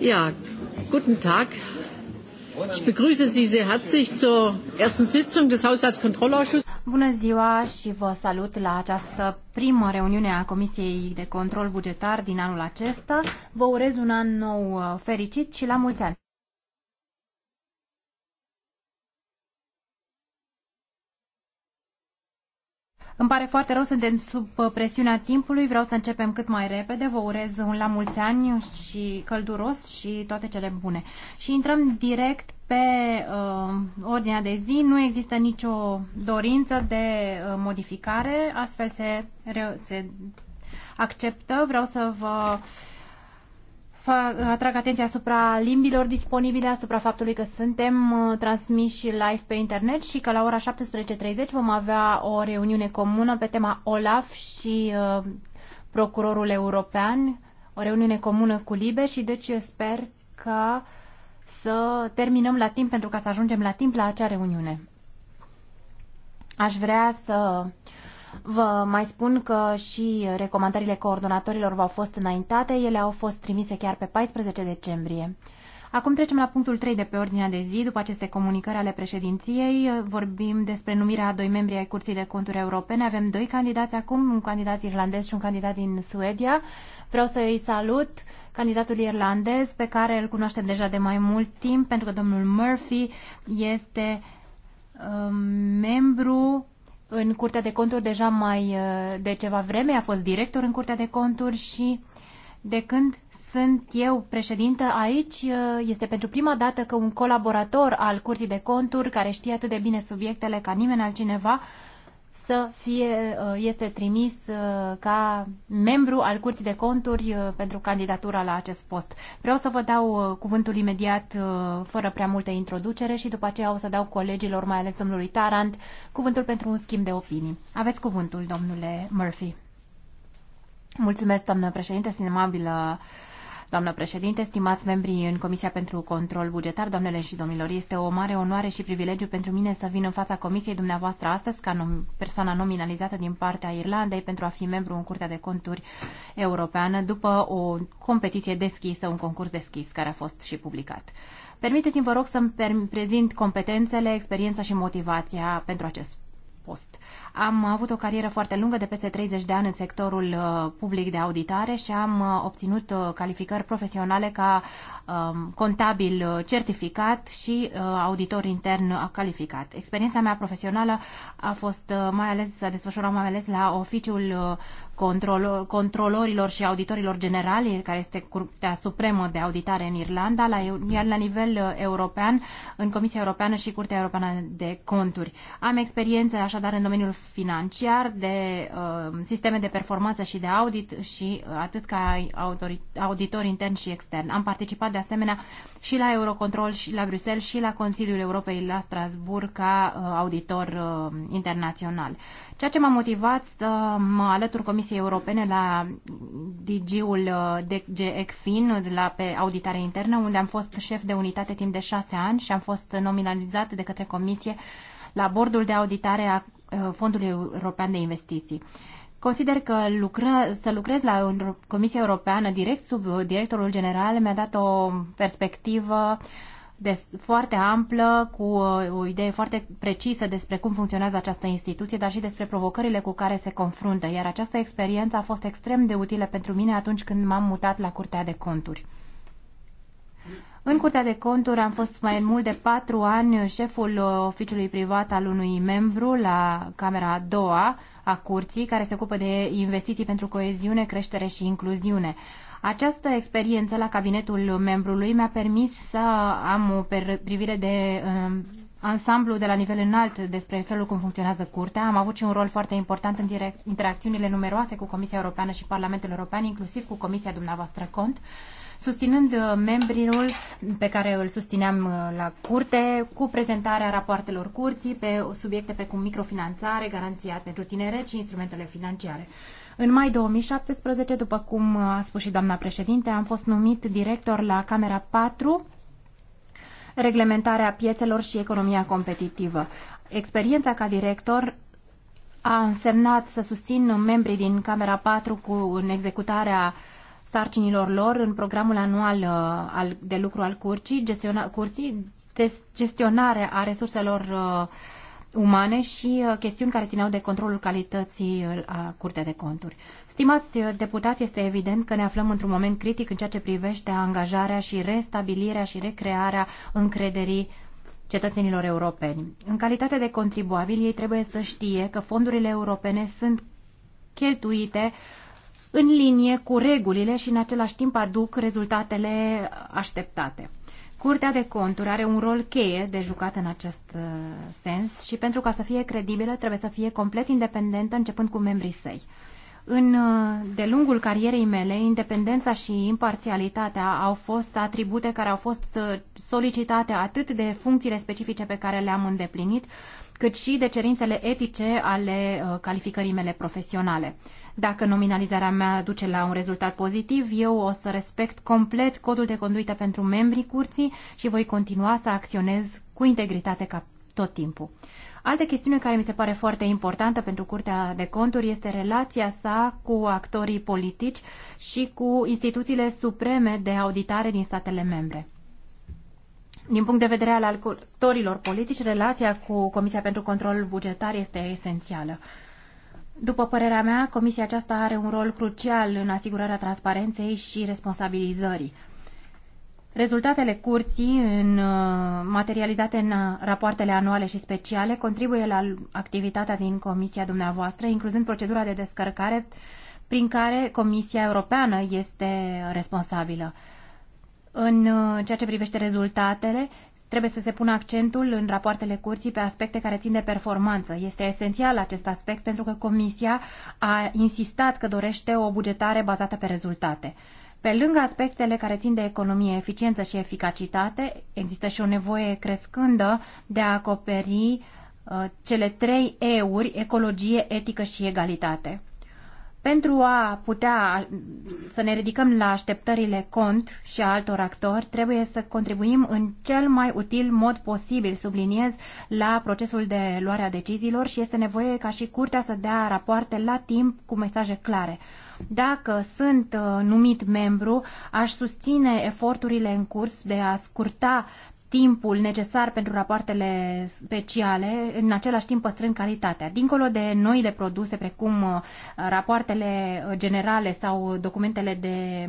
Ja, guten Tag. Ich begrüße Sie sehr herzlich zur ersten Sitzung des Haushaltskontrollausschusses. Bună ziua și vă salut la această primă reuniune a Comisiei de Control Bugetar din anul acesta. Vă urez un an nou uh, fericit și la mulți ani! Îmi pare foarte rău, suntem sub uh, presiunea timpului, vreau să începem cât mai repede, vă urez un la mulți ani și călduros și toate cele bune. Și intrăm direct pe uh, ordinea de zi, nu există nicio dorință de uh, modificare, astfel se, se acceptă. Vreau să vă uh, atrag atenția asupra limbilor disponibile, asupra faptului că suntem uh, transmiși live pe internet și că la ora 17.30 vom avea o reuniune comună pe tema OLAF și uh, Procurorul European, o reuniune comună cu LIBE și deci sper că să terminăm la timp pentru ca să ajungem la timp la acea reuniune. Aș vrea să uh, Vă mai spun că și recomandările coordonatorilor v-au fost înaintate, ele au fost trimise chiar pe 14 decembrie. Acum trecem la punctul 3 de pe ordinea de zi. După aceste comunicări ale președinției, vorbim despre numirea a doi membri ai Curții de Conturi Europene. Avem doi candidați acum, un candidat irlandez și un candidat din Suedia. Vreau să îi salut candidatul irlandez pe care îl cunoaștem deja de mai mult timp pentru că domnul Murphy este um, membru în Curtea de Conturi deja mai uh, de ceva vreme, a fost director în Curtea de Conturi și de când sunt eu președintă aici, uh, este pentru prima dată că un colaborator al Curții de Conturi, care știe atât de bine subiectele ca nimeni altcineva, să fie, uh, este trimis uh, ca membru al Curții de Conturi uh, pentru candidatura la acest post. Vreau să vă dau cuvântul imediat, fără prea multă introducere și după aceea o să dau colegilor, mai ales domnului Tarant, cuvântul pentru un schimb de opinii. Aveți cuvântul, domnule Murphy. Mulțumesc, doamnă președinte, sinemabilă uh, Doamnă președinte, stimați membrii în Comisia pentru Control Bugetar, doamnele și domnilor, este o mare onoare și privilegiu pentru mine să vin în fața Comisiei dumneavoastră astăzi ca nom- persoana nominalizată din partea Irlandei pentru a fi membru în Curtea de Conturi Europeană după o competiție deschisă, un concurs deschis care a fost și publicat. Permiteți-mi, vă rog, să-mi prezint competențele, experiența și motivația pentru acest post. Am avut o carieră foarte lungă de peste 30 de ani în sectorul uh, public de auditare și am uh, obținut uh, calificări profesionale ca um, contabil certificat și auditor intern calificat. Experiența mea profesională a fost mai ales, s-a desfășurat mai ales la oficiul controlor, controlorilor și auditorilor generali, care este Curtea Supremă de Auditare în Irlanda, la, iar la nivel uh, european, în Comisia Europeană și Curtea Europeană de Conturi. Am experiență așadar în domeniul financiar, de uh, sisteme de performanță și de audit și uh, atât ca autori, auditor intern și extern. Am participat de asemenea și la Eurocontrol și la Bruxelles și la Consiliul Europei la Strasburg ca uh, auditor uh, internațional. Ceea ce m-a motivat să mă alătur Comisiei Comisiei Europene la DG-ul uh, DG ECFIN, la, pe auditare internă, unde am fost șef de unitate timp de șase ani și am fost nominalizat de către Comisie la bordul de auditare a uh, Fondului European de Investiții. Consider că lucră, să lucrez la Comisia Europeană direct sub uh, directorul general mi-a dat o perspectivă uh, de foarte amplă, cu o, uh, o idee foarte precisă despre cum funcționează această instituție, dar și despre provocările cu care se confruntă. Iar această experiență a fost extrem de utilă pentru mine atunci când m-am mutat la Curtea de Conturi. În Curtea de Conturi am fost mai mult de patru ani șeful uh, oficiului privat al unui membru la Camera a doua a Curții, care se ocupă de investiții pentru coeziune, creștere și incluziune. Această experiență la cabinetul membrului mi-a permis să am o privire de um, ansamblu de la nivel înalt despre felul cum funcționează curtea. Am avut și un rol foarte important în direct, interacțiunile numeroase cu Comisia Europeană și Parlamentul European, inclusiv cu Comisia dumneavoastră cont susținând uh, membrul pe care îl susțineam uh, la curte cu prezentarea rapoartelor curții pe subiecte precum microfinanțare, garanția pentru tineret și instrumentele financiare. În mai 2017, după cum a spus și doamna președinte, am fost numit director la Camera 4, reglementarea piețelor și economia competitivă. Experiența ca director a însemnat să susțin membrii din Camera 4 cu în executarea sarcinilor lor în programul anual uh, al, de lucru al curții, gestiona, curții, gestionarea a resurselor uh, umane și uh, chestiuni care țineau de controlul calității uh, a Curtea de Conturi. Stimați uh, deputați, este evident că ne aflăm într-un moment critic în ceea ce privește angajarea și restabilirea și recrearea încrederii cetățenilor europeni. În calitate de contribuabili, ei trebuie să știe că fondurile europene sunt cheltuite în linie cu regulile și în același timp aduc rezultatele așteptate. Curtea de conturi are un rol cheie de jucat în acest uh, sens și pentru ca să fie credibilă trebuie să fie complet independentă începând cu membrii săi. În, uh, de lungul carierei mele, independența și imparțialitatea au fost atribute care au fost uh, solicitate atât de funcțiile specifice pe care le-am îndeplinit, cât și de cerințele etice ale calificării mele profesionale. Dacă nominalizarea mea duce la un rezultat pozitiv, eu o să respect complet codul de conduită pentru membrii curții și voi continua să acționez cu integritate ca tot timpul. Altă chestiune care mi se pare foarte importantă pentru Curtea de Conturi este relația sa cu actorii politici și cu instituțiile supreme de auditare din statele membre. Din punct de vedere al actorilor politici, relația cu Comisia pentru Control Bugetar este esențială. Uh, după părerea mea, comisia aceasta are un rol crucial în asigurarea transparenței și responsabilizării. Rezultatele curții, în, uh, materializate în uh, rapoartele anuale și speciale, contribuie la activitatea din comisia dumneavoastră, incluzând procedura de descărcare prin care Comisia Europeană este responsabilă. În uh, ceea ce privește rezultatele, Trebuie să se pună accentul în rapoartele curții pe aspecte care țin de performanță. Este esențial acest aspect pentru că Comisia a insistat că dorește o bugetare bazată pe rezultate. Pe lângă aspectele care țin de economie, eficiență și eficacitate, există și o nevoie crescândă de a acoperi uh, cele trei E-uri: ecologie, etică și egalitate. Pentru a putea să ne ridicăm la așteptările cont și a altor actori, trebuie să contribuim în cel mai util mod posibil, subliniez, la procesul de luare a deciziilor și este nevoie ca și curtea să dea rapoarte la timp cu mesaje clare. Dacă sunt uh, numit membru, aș susține eforturile în curs de a scurta timpul necesar pentru rapoartele speciale, în același timp păstrând calitatea. Dincolo de noile produse, precum uh, rapoartele uh, generale sau documentele de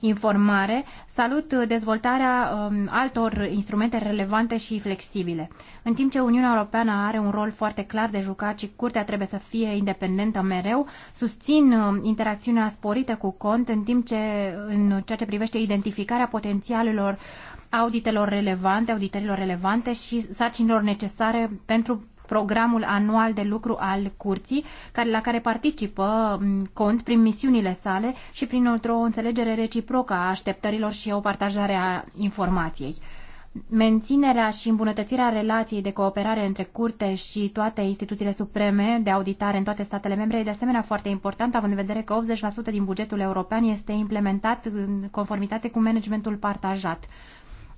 informare, salut uh, dezvoltarea um, altor instrumente relevante și flexibile. În timp ce Uniunea Europeană are un rol foarte clar de jucat și curtea trebuie să fie independentă mereu, susțin interacțiunea sporită cu cont, în timp ce în ceea ce privește identificarea potențialelor auditelor relevante, auditelor relevante și sarcinilor necesare pentru programul anual de lucru al curții, care, la care participă mm, cont prin misiunile sale și prin o înțelegere reciprocă a așteptărilor și o partajare a informației. Menținerea și îmbunătățirea relației de cooperare între curte și toate instituțiile supreme de auditare în toate statele membre e de asemenea foarte important, având în vedere că 80% din bugetul european este implementat în conformitate cu managementul partajat.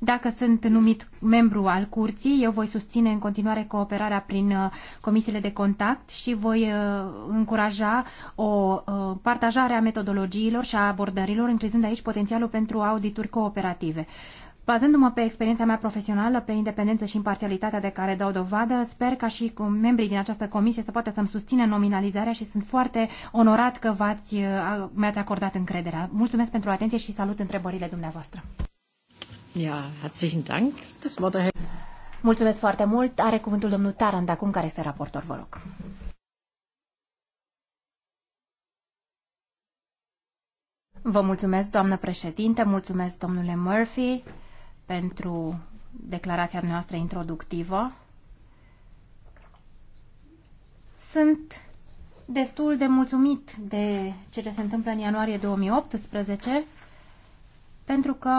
Dacă sunt numit membru al curții, eu voi susține în continuare cooperarea prin uh, comisiile de contact și voi uh, încuraja o uh, partajare a metodologiilor și a abordărilor, încrezând aici potențialul pentru audituri cooperative. Bazându-mă pe experiența mea profesională, pe independență și imparțialitatea de care dau dovadă, sper ca și cu membrii din această comisie să poată să-mi susțină nominalizarea și sunt foarte onorat că v-ați, mi-ați acordat încrederea. Mulțumesc pentru atenție și salut întrebările dumneavoastră. Ja, herzlichen Dank. Das Wort erhält... Mulțumesc foarte mult. Are cuvântul domnul Tarand acum, care este raportor, vă rog. Vă mulțumesc, doamnă președinte, mulțumesc, domnule Murphy, pentru declarația noastră introductivă. Sunt destul de mulțumit de ceea ce se întâmplă în ianuarie 2018, pentru că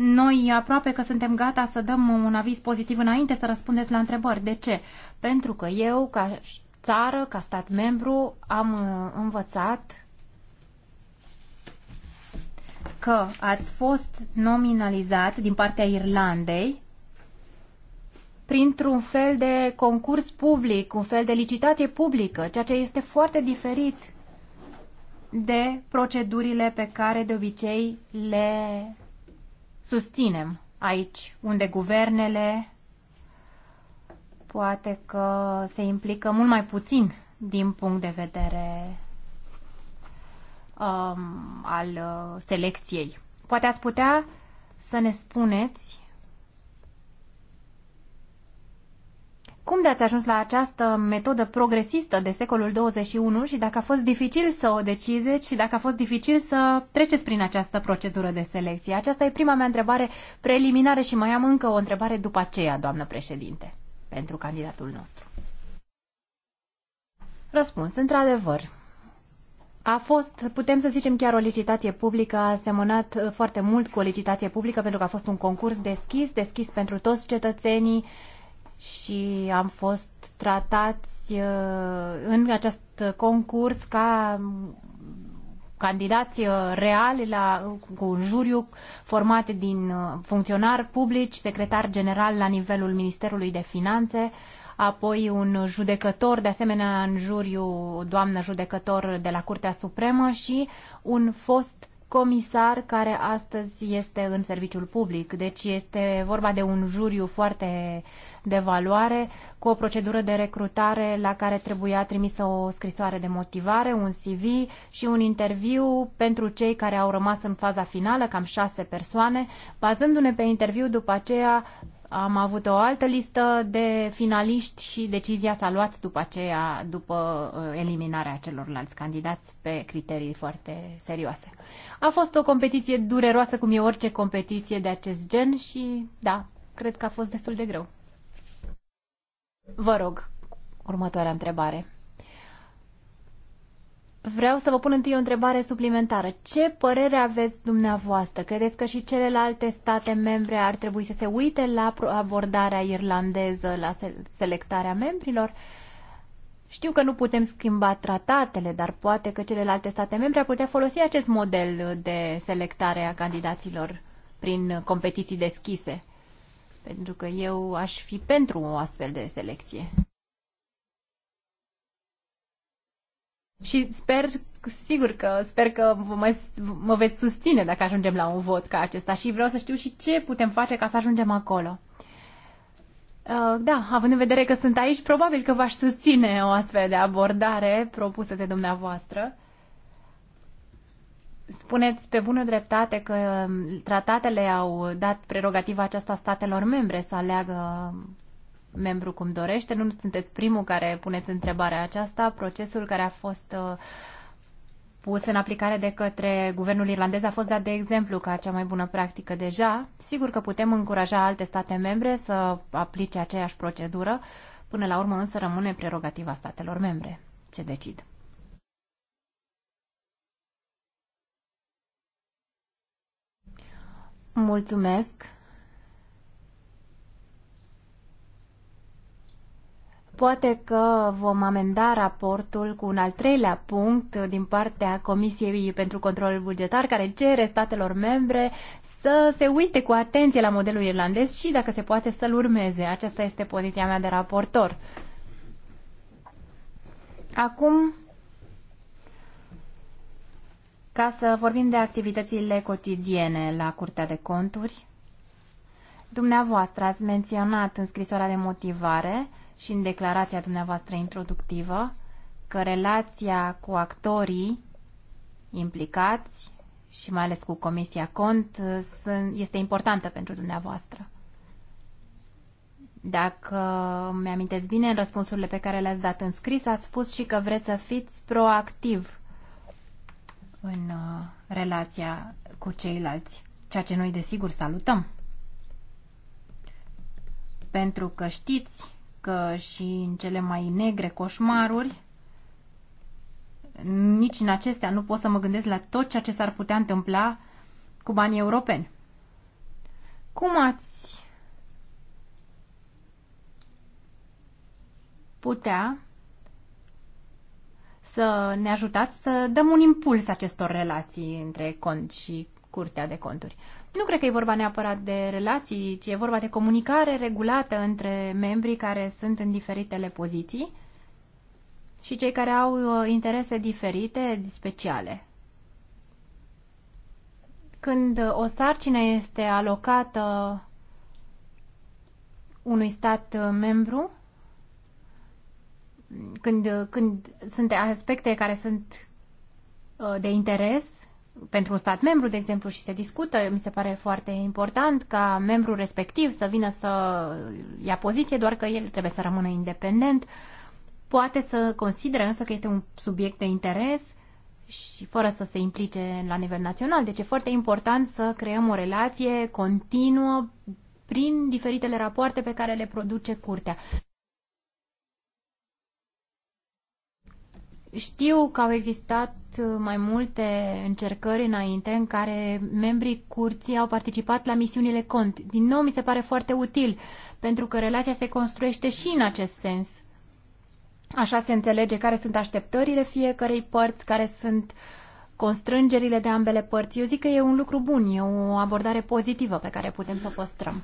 noi aproape că suntem gata să dăm un aviz pozitiv înainte să răspundeți la întrebări. De ce? Pentru că eu, ca țară, ca stat membru, am uh, învățat că ați fost nominalizat din partea Irlandei printr-un fel de concurs public, un fel de licitație publică, ceea ce este foarte diferit de procedurile pe care de obicei le susținem aici unde guvernele poate că se implică mult mai puțin din punct de vedere um, al uh, selecției. Poate ați putea să ne spuneți Cum de ați ajuns la această metodă progresistă de secolul 21 și dacă a fost dificil să o decizeți și dacă a fost dificil să treceți prin această procedură de selecție? Aceasta e prima mea întrebare preliminară și mai am încă o întrebare după aceea, doamnă președinte, pentru candidatul nostru. Răspuns. Într-adevăr, a fost, putem să zicem, chiar o licitație publică, a semănat uh, foarte mult cu o licitație publică pentru că a fost un concurs deschis, deschis pentru toți cetățenii, uh, și am fost tratați uh, în acest concurs ca candidați uh, reali la, cu un juriu format din uh, funcționari publici, secretar general la nivelul Ministerului de Finanțe, apoi un judecător, de asemenea în juriu, doamnă judecător de la Curtea Supremă și un fost comisar care astăzi este în serviciul public. Deci este vorba de un juriu foarte de valoare cu o procedură de recrutare la care trebuia trimisă o scrisoare de motivare, un CV și un interviu pentru cei care au rămas în faza finală, cam șase persoane. Bazându-ne pe interviu, după aceea am avut o altă listă de finaliști și decizia s-a luat după aceea, după uh, eliminarea celorlalți candidați pe criterii foarte serioase. A fost o competiție dureroasă, cum e orice competiție de acest gen și, da, cred că a fost destul de greu. Vă rog, următoarea întrebare. Vreau să vă pun întâi o întrebare suplimentară. Ce părere aveți dumneavoastră? Credeți că și celelalte state membre ar trebui să se uite la abordarea irlandeză, la selectarea membrilor? Știu că nu putem schimba tratatele, dar poate că celelalte state membre ar putea folosi acest model de selectare a candidaților prin competiții deschise pentru că eu aș fi pentru o astfel de selecție. Și sper, sigur că sper că mă, mă veți susține dacă ajungem la un vot ca acesta și vreau să știu și ce putem face ca să ajungem acolo. Uh, da, având în vedere că sunt aici, probabil că v-aș susține o astfel de abordare propusă de dumneavoastră. Spuneți pe bună dreptate că tratatele au dat prerogativa aceasta statelor membre să aleagă membru cum dorește. Nu sunteți primul care puneți întrebarea aceasta. Procesul care a fost uh, pus în aplicare de către guvernul irlandez a fost dat de exemplu ca cea mai bună practică deja. Sigur că putem încuraja alte state membre să aplice aceeași procedură. Până la urmă însă rămâne prerogativa statelor membre ce decid. Mulțumesc. Poate că vom amenda raportul cu un al treilea punct din partea Comisiei pentru Controlul Bugetar, care cere statelor membre să se uite cu atenție la modelul irlandez și, dacă se poate, să-l urmeze. Aceasta este poziția mea de raportor. Acum ca să vorbim de activitățile cotidiene la Curtea de Conturi, dumneavoastră ați menționat în scrisoarea de motivare și în declarația dumneavoastră introductivă că relația cu actorii implicați și mai ales cu Comisia Cont este importantă pentru dumneavoastră. Dacă mi-amintesc bine, în răspunsurile pe care le-ați dat în scris, ați spus și că vreți să fiți proactiv în uh, relația cu ceilalți, ceea ce noi desigur salutăm. Pentru că știți că și în cele mai negre coșmaruri, nici în acestea nu pot să mă gândesc la tot ceea ce s-ar putea întâmpla cu banii europeni. Cum ați putea să ne ajutați să dăm un impuls acestor relații între cont și curtea de conturi. Nu cred că e vorba neapărat de relații, ci e vorba de comunicare regulată între membrii care sunt în diferitele poziții și cei care au uh, interese diferite, speciale. Când uh, o sarcină este alocată unui stat uh, membru, când, când sunt aspecte care sunt uh, de interes pentru un stat membru, de exemplu, și se discută, mi se pare foarte important ca membrul respectiv să vină să ia poziție, doar că el trebuie să rămână independent. Poate să consideră însă că este un subiect de interes și fără să se implice la nivel național. Deci e foarte important să creăm o relație continuă prin diferitele rapoarte pe care le produce curtea. Știu că au existat uh, mai multe încercări înainte în care membrii curții au participat la misiunile cont. Din nou, mi se pare foarte util, pentru că relația se construiește și în acest sens. Așa se înțelege care sunt așteptările fiecărei părți, care sunt constrângerile de ambele părți. Eu zic că e un lucru bun, e o abordare pozitivă pe care putem să o păstrăm.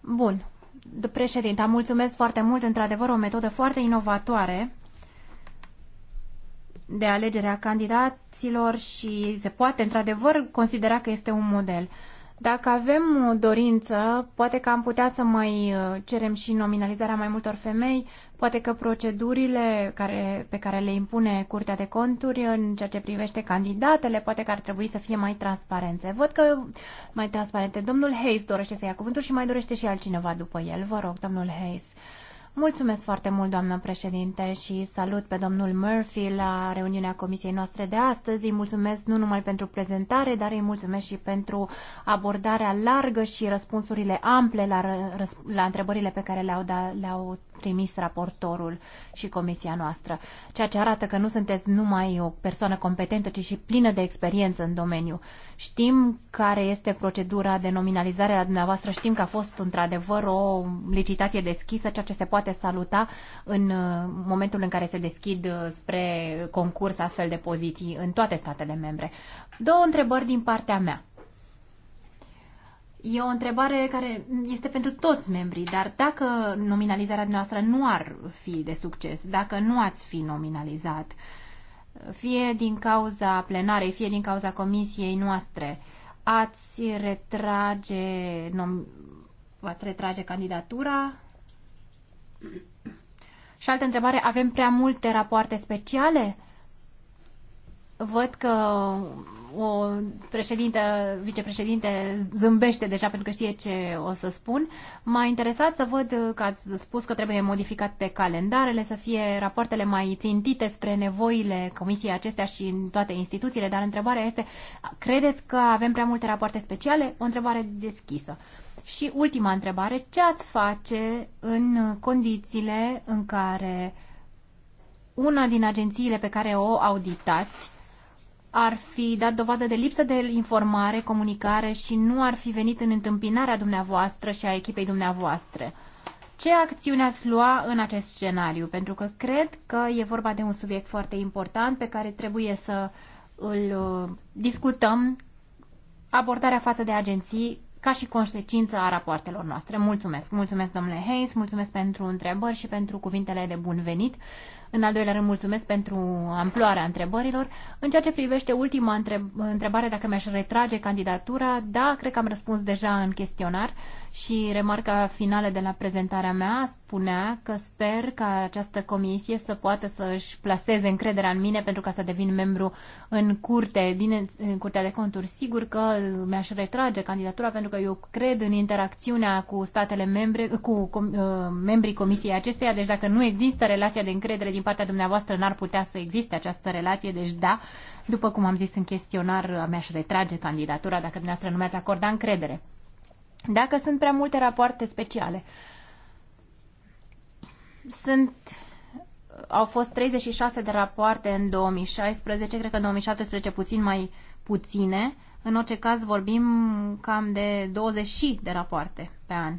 Bun. Președinte, mulțumesc foarte mult, într-adevăr, o metodă foarte inovatoare de alegere a candidaților și se poate într-adevăr considera că este un model. Dacă avem o dorință, poate că am putea să mai uh, cerem și nominalizarea mai multor femei, poate că procedurile care, pe care le impune Curtea de Conturi în ceea ce privește candidatele, poate că ar trebui să fie mai transparente. Văd că mai transparente. Domnul Hayes dorește să ia cuvântul și mai dorește și altcineva după el. Vă rog, domnul Hayes. Mulțumesc foarte mult, doamnă președinte, și salut pe domnul Murphy la reuniunea comisiei noastre de astăzi. Îi mulțumesc nu numai pentru prezentare, dar îi mulțumesc și pentru abordarea largă și răspunsurile ample la, la întrebările pe care le-au, da, le-au trimis raportorul și comisia noastră, ceea ce arată că nu sunteți numai o persoană competentă, ci și plină de experiență în domeniu. Știm care este procedura de nominalizare a dumneavoastră, știm că a fost într-adevăr o licitație deschisă, ceea ce se poate saluta în uh, momentul în care se deschid uh, spre concurs astfel de poziții în toate statele membre. Două întrebări din partea mea. E o întrebare care este pentru toți membrii, dar dacă nominalizarea noastră nu ar fi de succes, dacă nu ați fi nominalizat, uh, fie din cauza plenarei, fie din cauza comisiei noastre, ați retrage, nom, ați retrage candidatura? Și altă întrebare, avem prea multe rapoarte speciale? Văd că o președintă, vicepreședinte zâmbește deja pentru că știe ce o să spun. M-a interesat să văd că ați spus că trebuie modificate calendarele, să fie rapoartele mai țintite spre nevoile comisiei acestea și în toate instituțiile, dar întrebarea este, credeți că avem prea multe rapoarte speciale? O întrebare deschisă. Și ultima întrebare, ce ați face în condițiile în care una din agențiile pe care o auditați ar fi dat dovadă de lipsă de informare, comunicare și nu ar fi venit în întâmpinarea dumneavoastră și a echipei dumneavoastră. Ce acțiune ați lua în acest scenariu? Pentru că cred că e vorba de un subiect foarte important pe care trebuie să îl uh, discutăm, abordarea față de agenții ca și consecință a rapoartelor noastre. Mulțumesc! Mulțumesc, domnule Hayes, mulțumesc pentru întrebări și pentru cuvintele de bun venit. În al doilea rând, mulțumesc pentru amploarea întrebărilor. În ceea ce privește ultima întrebare, dacă mi-aș retrage candidatura, da, cred că am răspuns deja în chestionar și remarca finală de la prezentarea mea spunea că sper ca această comisie să poată să își placeze încrederea în mine pentru ca să devin membru în curte, bine, în curtea de conturi. Sigur că mi-aș retrage candidatura pentru că eu cred în interacțiunea cu statele membre, cu com, uh, membrii comisiei acesteia, deci dacă nu există relația de încredere din din partea dumneavoastră n-ar putea să existe această relație, deci da, după cum am zis în chestionar, mi-aș retrage candidatura dacă dumneavoastră nu mi-ați acorda încredere. Dacă sunt prea multe rapoarte speciale, sunt au fost 36 de rapoarte în 2016, cred că în 2017 puțin mai puține. În orice caz vorbim cam de 20 de rapoarte pe an.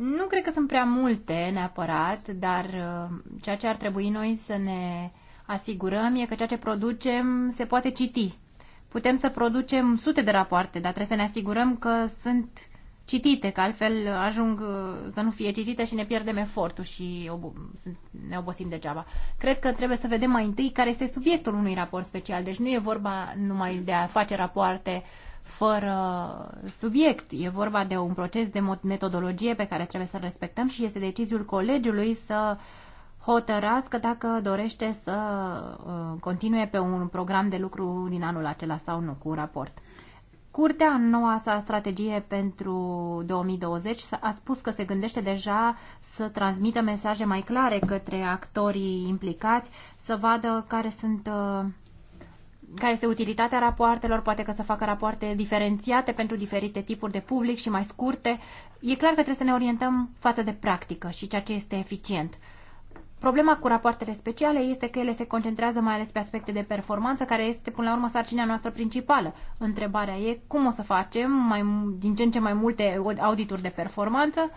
Nu cred că sunt prea multe neapărat, dar uh, ceea ce ar trebui noi să ne asigurăm e că ceea ce producem se poate citi. Putem să producem sute de rapoarte, dar trebuie să ne asigurăm că sunt citite, că altfel ajung uh, să nu fie citite și ne pierdem efortul și ne obosim degeaba. Cred că trebuie să vedem mai întâi care este subiectul unui raport special. Deci nu e vorba numai de a face rapoarte uh, fără subiect. E vorba de un proces de metodologie pe care trebuie să-l respectăm și este deciziul colegiului să hotărască dacă dorește să uh, continue pe un program de lucru din anul acela sau nu cu un raport. Curtea, în noua sa strategie pentru 2020, a spus că se gândește deja să transmită mesaje mai clare către actorii implicați, să vadă care sunt uh, care este utilitatea rapoartelor, poate că să facă rapoarte diferențiate pentru diferite tipuri de public și mai scurte. E clar că trebuie să ne orientăm față de practică și ceea ce este eficient. Problema cu rapoartele speciale este că ele se concentrează mai ales pe aspecte de performanță, care este până la urmă sarcina noastră principală. Întrebarea e cum o să facem mai, din ce în ce mai multe audituri de performanță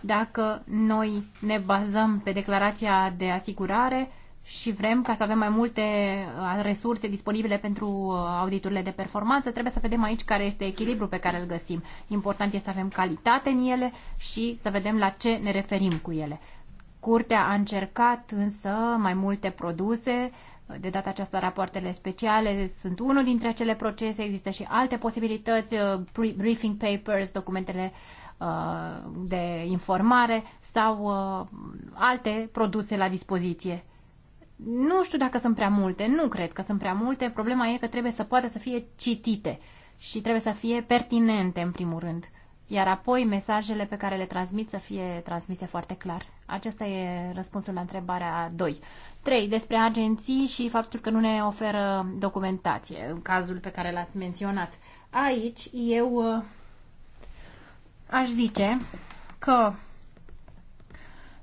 dacă noi ne bazăm pe declarația de asigurare și vrem ca să avem mai multe uh, resurse disponibile pentru uh, auditurile de performanță, trebuie să vedem aici care este echilibrul pe care îl găsim. Important este să avem calitate în ele și să vedem la ce ne referim cu ele. Curtea a încercat însă mai multe produse, de data aceasta rapoartele speciale sunt unul dintre acele procese, există și alte posibilități, uh, briefing papers, documentele de informare sau alte produse la dispoziție. Nu știu dacă sunt prea multe, nu cred că sunt prea multe. Problema e că trebuie să poată să fie citite și trebuie să fie pertinente, în primul rând. Iar apoi mesajele pe care le transmit să fie transmise foarte clar. Acesta e răspunsul la întrebarea 2. 3. Despre agenții și faptul că nu ne oferă documentație, în cazul pe care l-ați menționat. Aici eu uh, aș zice că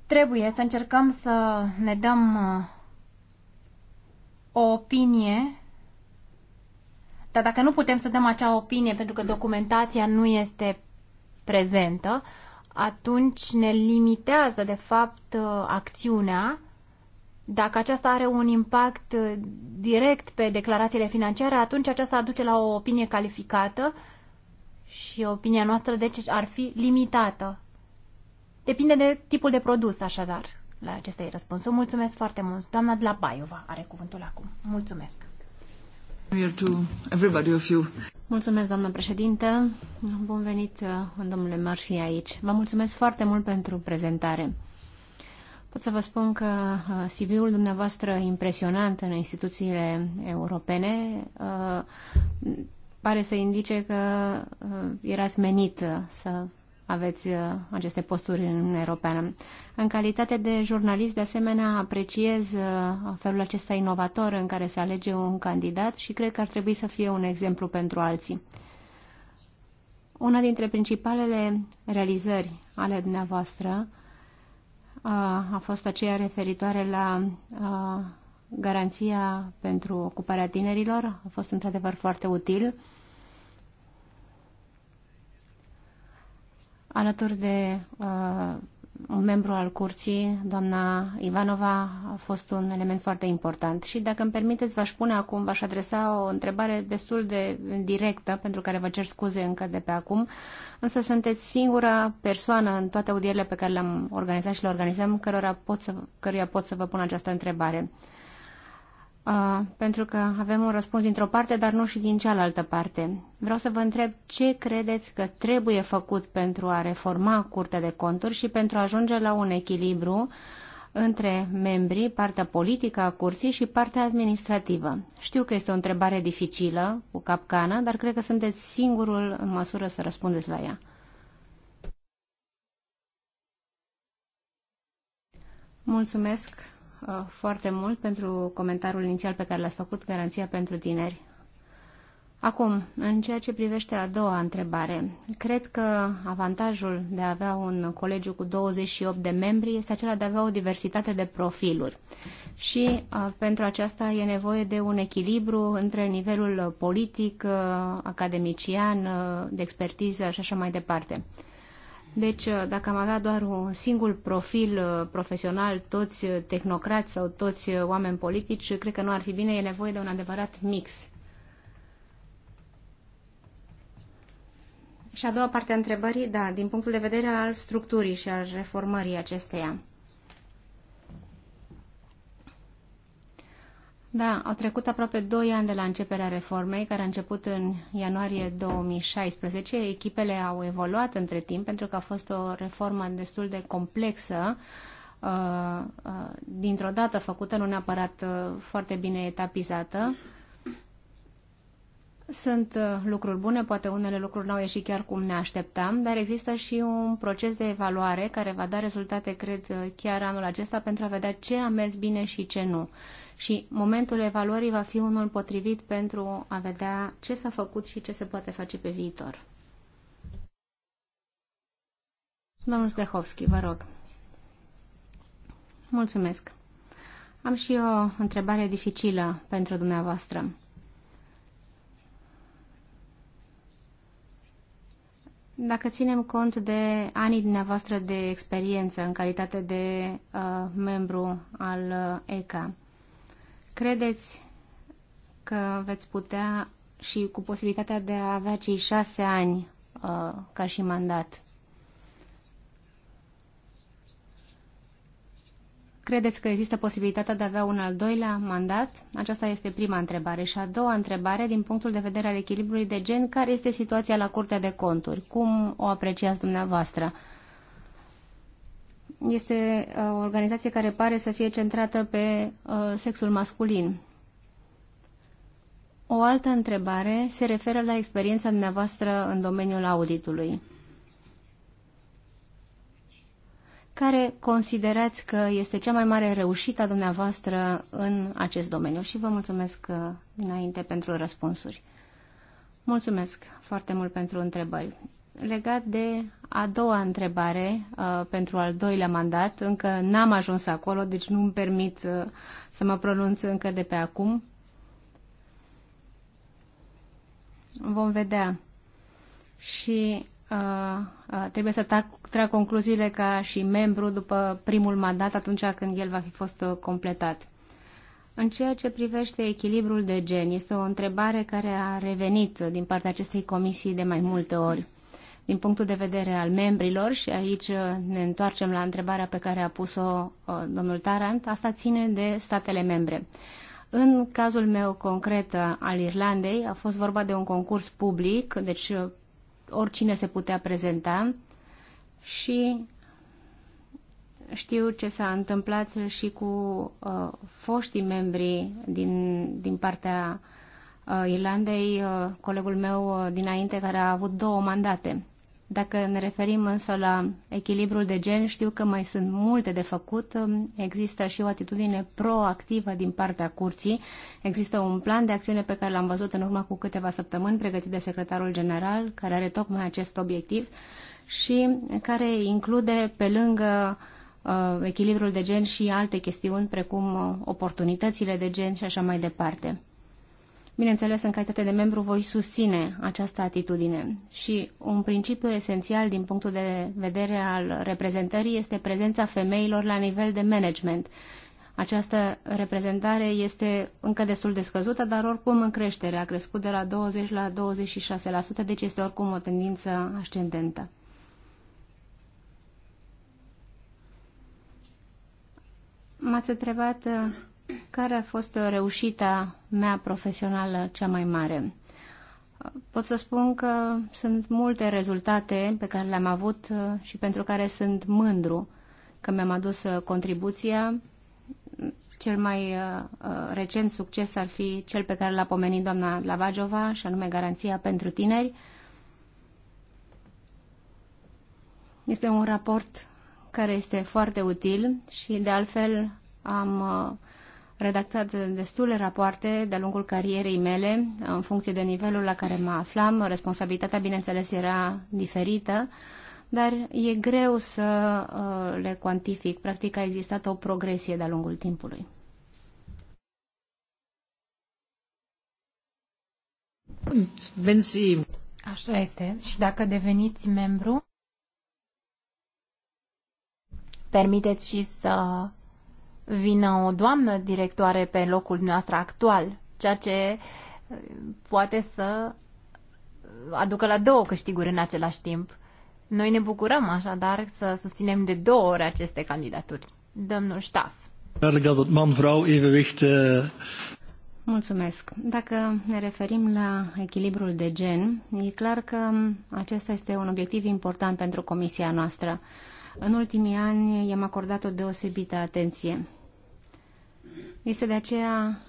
trebuie să încercăm să ne dăm uh, o opinie, dar dacă nu putem să dăm acea opinie pentru că documentația nu este prezentă, atunci ne limitează, de fapt, uh, acțiunea dacă aceasta are un impact uh, direct pe declarațiile financiare, atunci aceasta aduce la o opinie calificată și opinia noastră, deci, ar fi limitată. Depinde de tipul de produs, așadar la aceste răspunsuri. Mulțumesc foarte mult. Doamna de la Baiova are cuvântul acum. Mulțumesc. Mulțumesc, doamnă președinte, Bun venit, uh, domnule Murphy, aici. Vă mulțumesc foarte mult pentru prezentare. Pot să vă spun că uh, CV-ul dumneavoastră impresionant în instituțiile europene uh, pare să indice că erați menit să aveți uh, aceste posturi în Uniunea Europeană. În calitate de jurnalist, de asemenea, apreciez uh, felul acesta inovator în care se alege un candidat și cred că ar trebui să fie un exemplu pentru alții. Una dintre principalele realizări ale dumneavoastră uh, a fost aceea referitoare la garanția pentru ocuparea tinerilor. A fost într-adevăr foarte util Alături de uh, un membru al curții, doamna Ivanova, a fost un element foarte important. Și dacă îmi permiteți, v-aș pune acum, v-aș adresa o întrebare destul de directă, pentru care vă cer scuze încă de pe acum, însă sunteți singura persoană în toate audierile pe care le-am organizat și le organizăm, cărora pot să, căruia pot să vă pun această întrebare. Uh, uh, pentru că avem un răspuns dintr-o parte, dar nu și din cealaltă parte. Vreau să vă întreb ce credeți că trebuie făcut pentru a reforma Curtea de Conturi și pentru a ajunge la un echilibru între membrii, partea politică a curții și partea administrativă. Știu că este o întrebare dificilă, cu capcană, dar cred că sunteți singurul în măsură să răspundeți la ea. Mulțumesc Uh, foarte mult pentru comentariul inițial pe care l-ați făcut, garanția pentru tineri. Acum, în ceea ce privește a doua întrebare, cred că avantajul de a avea un colegiu cu 28 de membri este acela de a avea o diversitate de profiluri. Și a, uh, pentru aceasta e nevoie de un echilibru între nivelul politic, a, uh, academician, a, de expertiză și așa mai departe. Deci, uh, dacă am avea doar un singur profil uh, profesional, toți uh, tehnocrați sau toți oameni politici, cred că nu ar fi bine, e nevoie de un adevărat mix. Și a doua parte a întrebării, da, din punctul de vedere al structurii și al reformării acesteia. Da, au trecut aproape 2 ani de la începerea reformei, care a început în ianuarie 2016. Echipele au evoluat între timp, pentru că a fost o reformă destul de complexă, uh, uh, dintr-o dată făcută, nu neapărat uh, foarte bine etapizată. Sunt lucruri bune, poate unele lucruri n-au ieșit chiar cum ne așteptam, dar există și un proces de evaluare care va da rezultate, cred, chiar anul acesta pentru a vedea ce a mers bine și ce nu și momentul evaluării va fi unul potrivit pentru a vedea ce s-a făcut și ce se poate face pe viitor. Domnul Zdehovski, vă rog. Mulțumesc. Am și o întrebare dificilă pentru dumneavoastră. Dacă ținem cont de anii dumneavoastră de experiență în calitate de uh, membru al uh, ECA, Credeți că veți putea și cu posibilitatea de a avea cei șase ani uh, ca și mandat? Credeți că există posibilitatea de a avea un al doilea mandat? Aceasta este prima întrebare. Și a doua întrebare, din punctul de vedere al echilibrului de gen, care este situația la Curtea de Conturi? Cum o apreciați dumneavoastră? Uh, este uh, o organizație care pare să fie centrată pe uh, sexul masculin. O altă întrebare se referă la experiența dumneavoastră în domeniul auditului. Care considerați că este cea mai mare reușită a dumneavoastră în acest domeniu? Și vă mulțumesc uh, dinainte pentru răspunsuri. Mulțumesc foarte mult pentru întrebări legat de a doua întrebare uh, pentru al doilea mandat, încă n-am ajuns acolo, deci nu îmi permit uh, să mă pronunț încă de pe acum. Vom vedea. Și uh, uh, trebuie să tac, trag concluziile ca și membru după primul mandat, atunci când el va fi fost uh, completat. În ceea ce privește echilibrul de gen, este o întrebare care a revenit uh, din partea acestei comisii de mai multe ori din punctul de vedere al membrilor și aici uh, ne întoarcem la întrebarea pe care a pus-o uh, domnul Tarant, asta ține de statele membre. În cazul meu concret uh, al Irlandei a fost vorba de un concurs public, deci oricine se putea prezenta și știu ce s-a întâmplat și cu uh, foștii membri din, din partea uh, Irlandei, uh, colegul meu uh, dinainte care a avut două mandate. Dacă ne referim însă la echilibrul de gen, știu că mai sunt multe de făcut. Există și o atitudine proactivă din partea curții. Există un plan de acțiune pe care l-am văzut în urmă cu câteva săptămâni, pregătit de secretarul general, care are tocmai acest obiectiv și care include pe lângă uh, echilibrul de gen și alte chestiuni precum uh, oportunitățile de gen și așa mai departe. Bineînțeles, în calitate de membru voi susține această atitudine și un principiu esențial din punctul de vedere al reprezentării este prezența femeilor la nivel de management. Această reprezentare este încă destul de scăzută, dar oricum în creștere. A crescut de la 20 la 26%, deci este oricum o tendință ascendentă. M-ați întrebat uh, care a fost reușita mea profesională cea mai mare. Pot să spun că sunt multe rezultate pe care le-am avut uh, și pentru care sunt mândru că mi-am adus uh, contribuția. Cel mai uh, recent succes ar fi cel pe care l-a pomenit doamna Lavajova, și anume Garanția pentru Tineri. Este un raport care este foarte util și, de altfel, am uh, redactat destule rapoarte de-a lungul carierei mele, în funcție de nivelul la care mă aflam. Responsabilitatea, bineînțeles, era diferită, dar e greu să uh, le cuantific. Practic a existat o progresie de-a lungul timpului. Așa este. Și dacă deveniți membru, permiteți și să vină o doamnă directoare pe locul noastră actual, ceea ce eh, poate să aducă la două câștiguri în același timp. Noi ne bucurăm așadar să susținem de două ori aceste candidaturi. Domnul Stas. Eh. Mulțumesc. Dacă ne referim la echilibrul de gen, e clar că acesta este un obiectiv important pentru comisia noastră. În ultimii ani i-am acordat o deosebită atenție. Este de aceea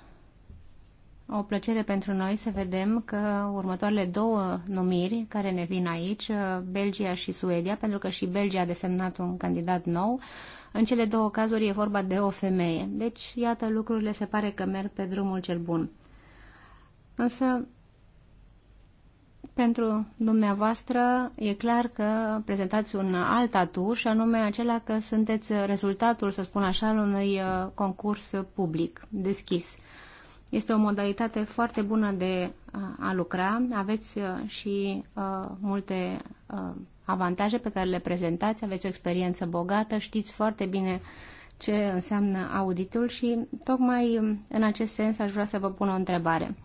o plăcere pentru noi să vedem că următoarele două numiri care ne vin aici, Belgia și Suedia, pentru că și Belgia a desemnat un candidat nou, în cele două cazuri e vorba de o femeie. Deci, iată, lucrurile se pare că merg pe drumul cel bun. Însă, pentru dumneavoastră e clar că prezentați un alt atu și anume acela că sunteți rezultatul, să spun așa, al unui uh, concurs public deschis. Este o modalitate foarte bună de uh, a lucra. Aveți uh, și multe avantaje pe care le prezentați, aveți o experiență bogată, știți foarte bine ce înseamnă auditul și tocmai în acest sens aș vrea să vă pun o întrebare.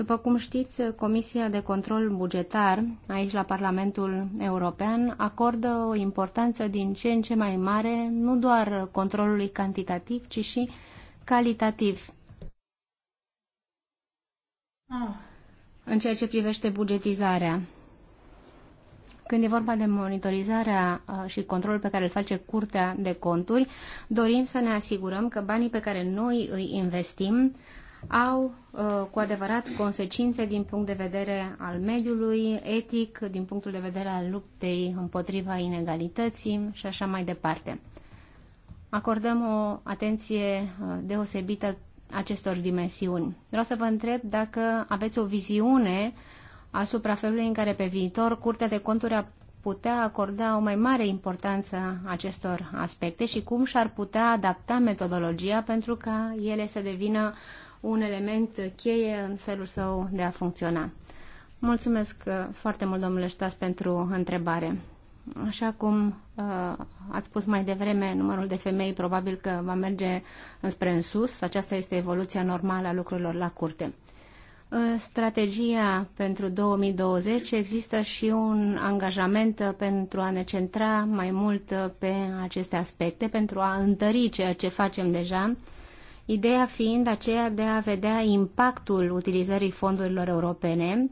După cum știți, Comisia de Control Bugetar, aici la Parlamentul European, acordă o importanță din ce în ce mai mare, nu doar controlului cantitativ, ci și calitativ. Ah. În ceea ce privește bugetizarea. Când e vorba de monitorizarea uh, și controlul pe care îl face Curtea de Conturi, dorim să ne asigurăm că banii pe care noi îi investim au uh, cu adevărat consecințe din punct de vedere al mediului, etic, din punctul de vedere al luptei împotriva inegalității și așa mai departe. Acordăm o atenție uh, deosebită acestor dimensiuni. Vreau să vă întreb dacă aveți o viziune asupra felului în care pe viitor Curtea de Conturi a putea acorda o mai mare importanță acestor aspecte și cum și-ar putea adapta metodologia pentru ca ele să devină un element cheie în felul său de a funcționa. Mulțumesc uh, foarte mult, domnule Ștas, pentru întrebare. Așa cum uh, ați spus mai devreme, numărul de femei probabil că va merge înspre în sus. Aceasta este evoluția normală a lucrurilor la curte. În strategia pentru 2020 există și un angajament pentru a ne centra mai mult pe aceste aspecte, pentru a întări ceea ce facem deja uh, ideea fiind aceea de a vedea impactul utilizării fondurilor europene,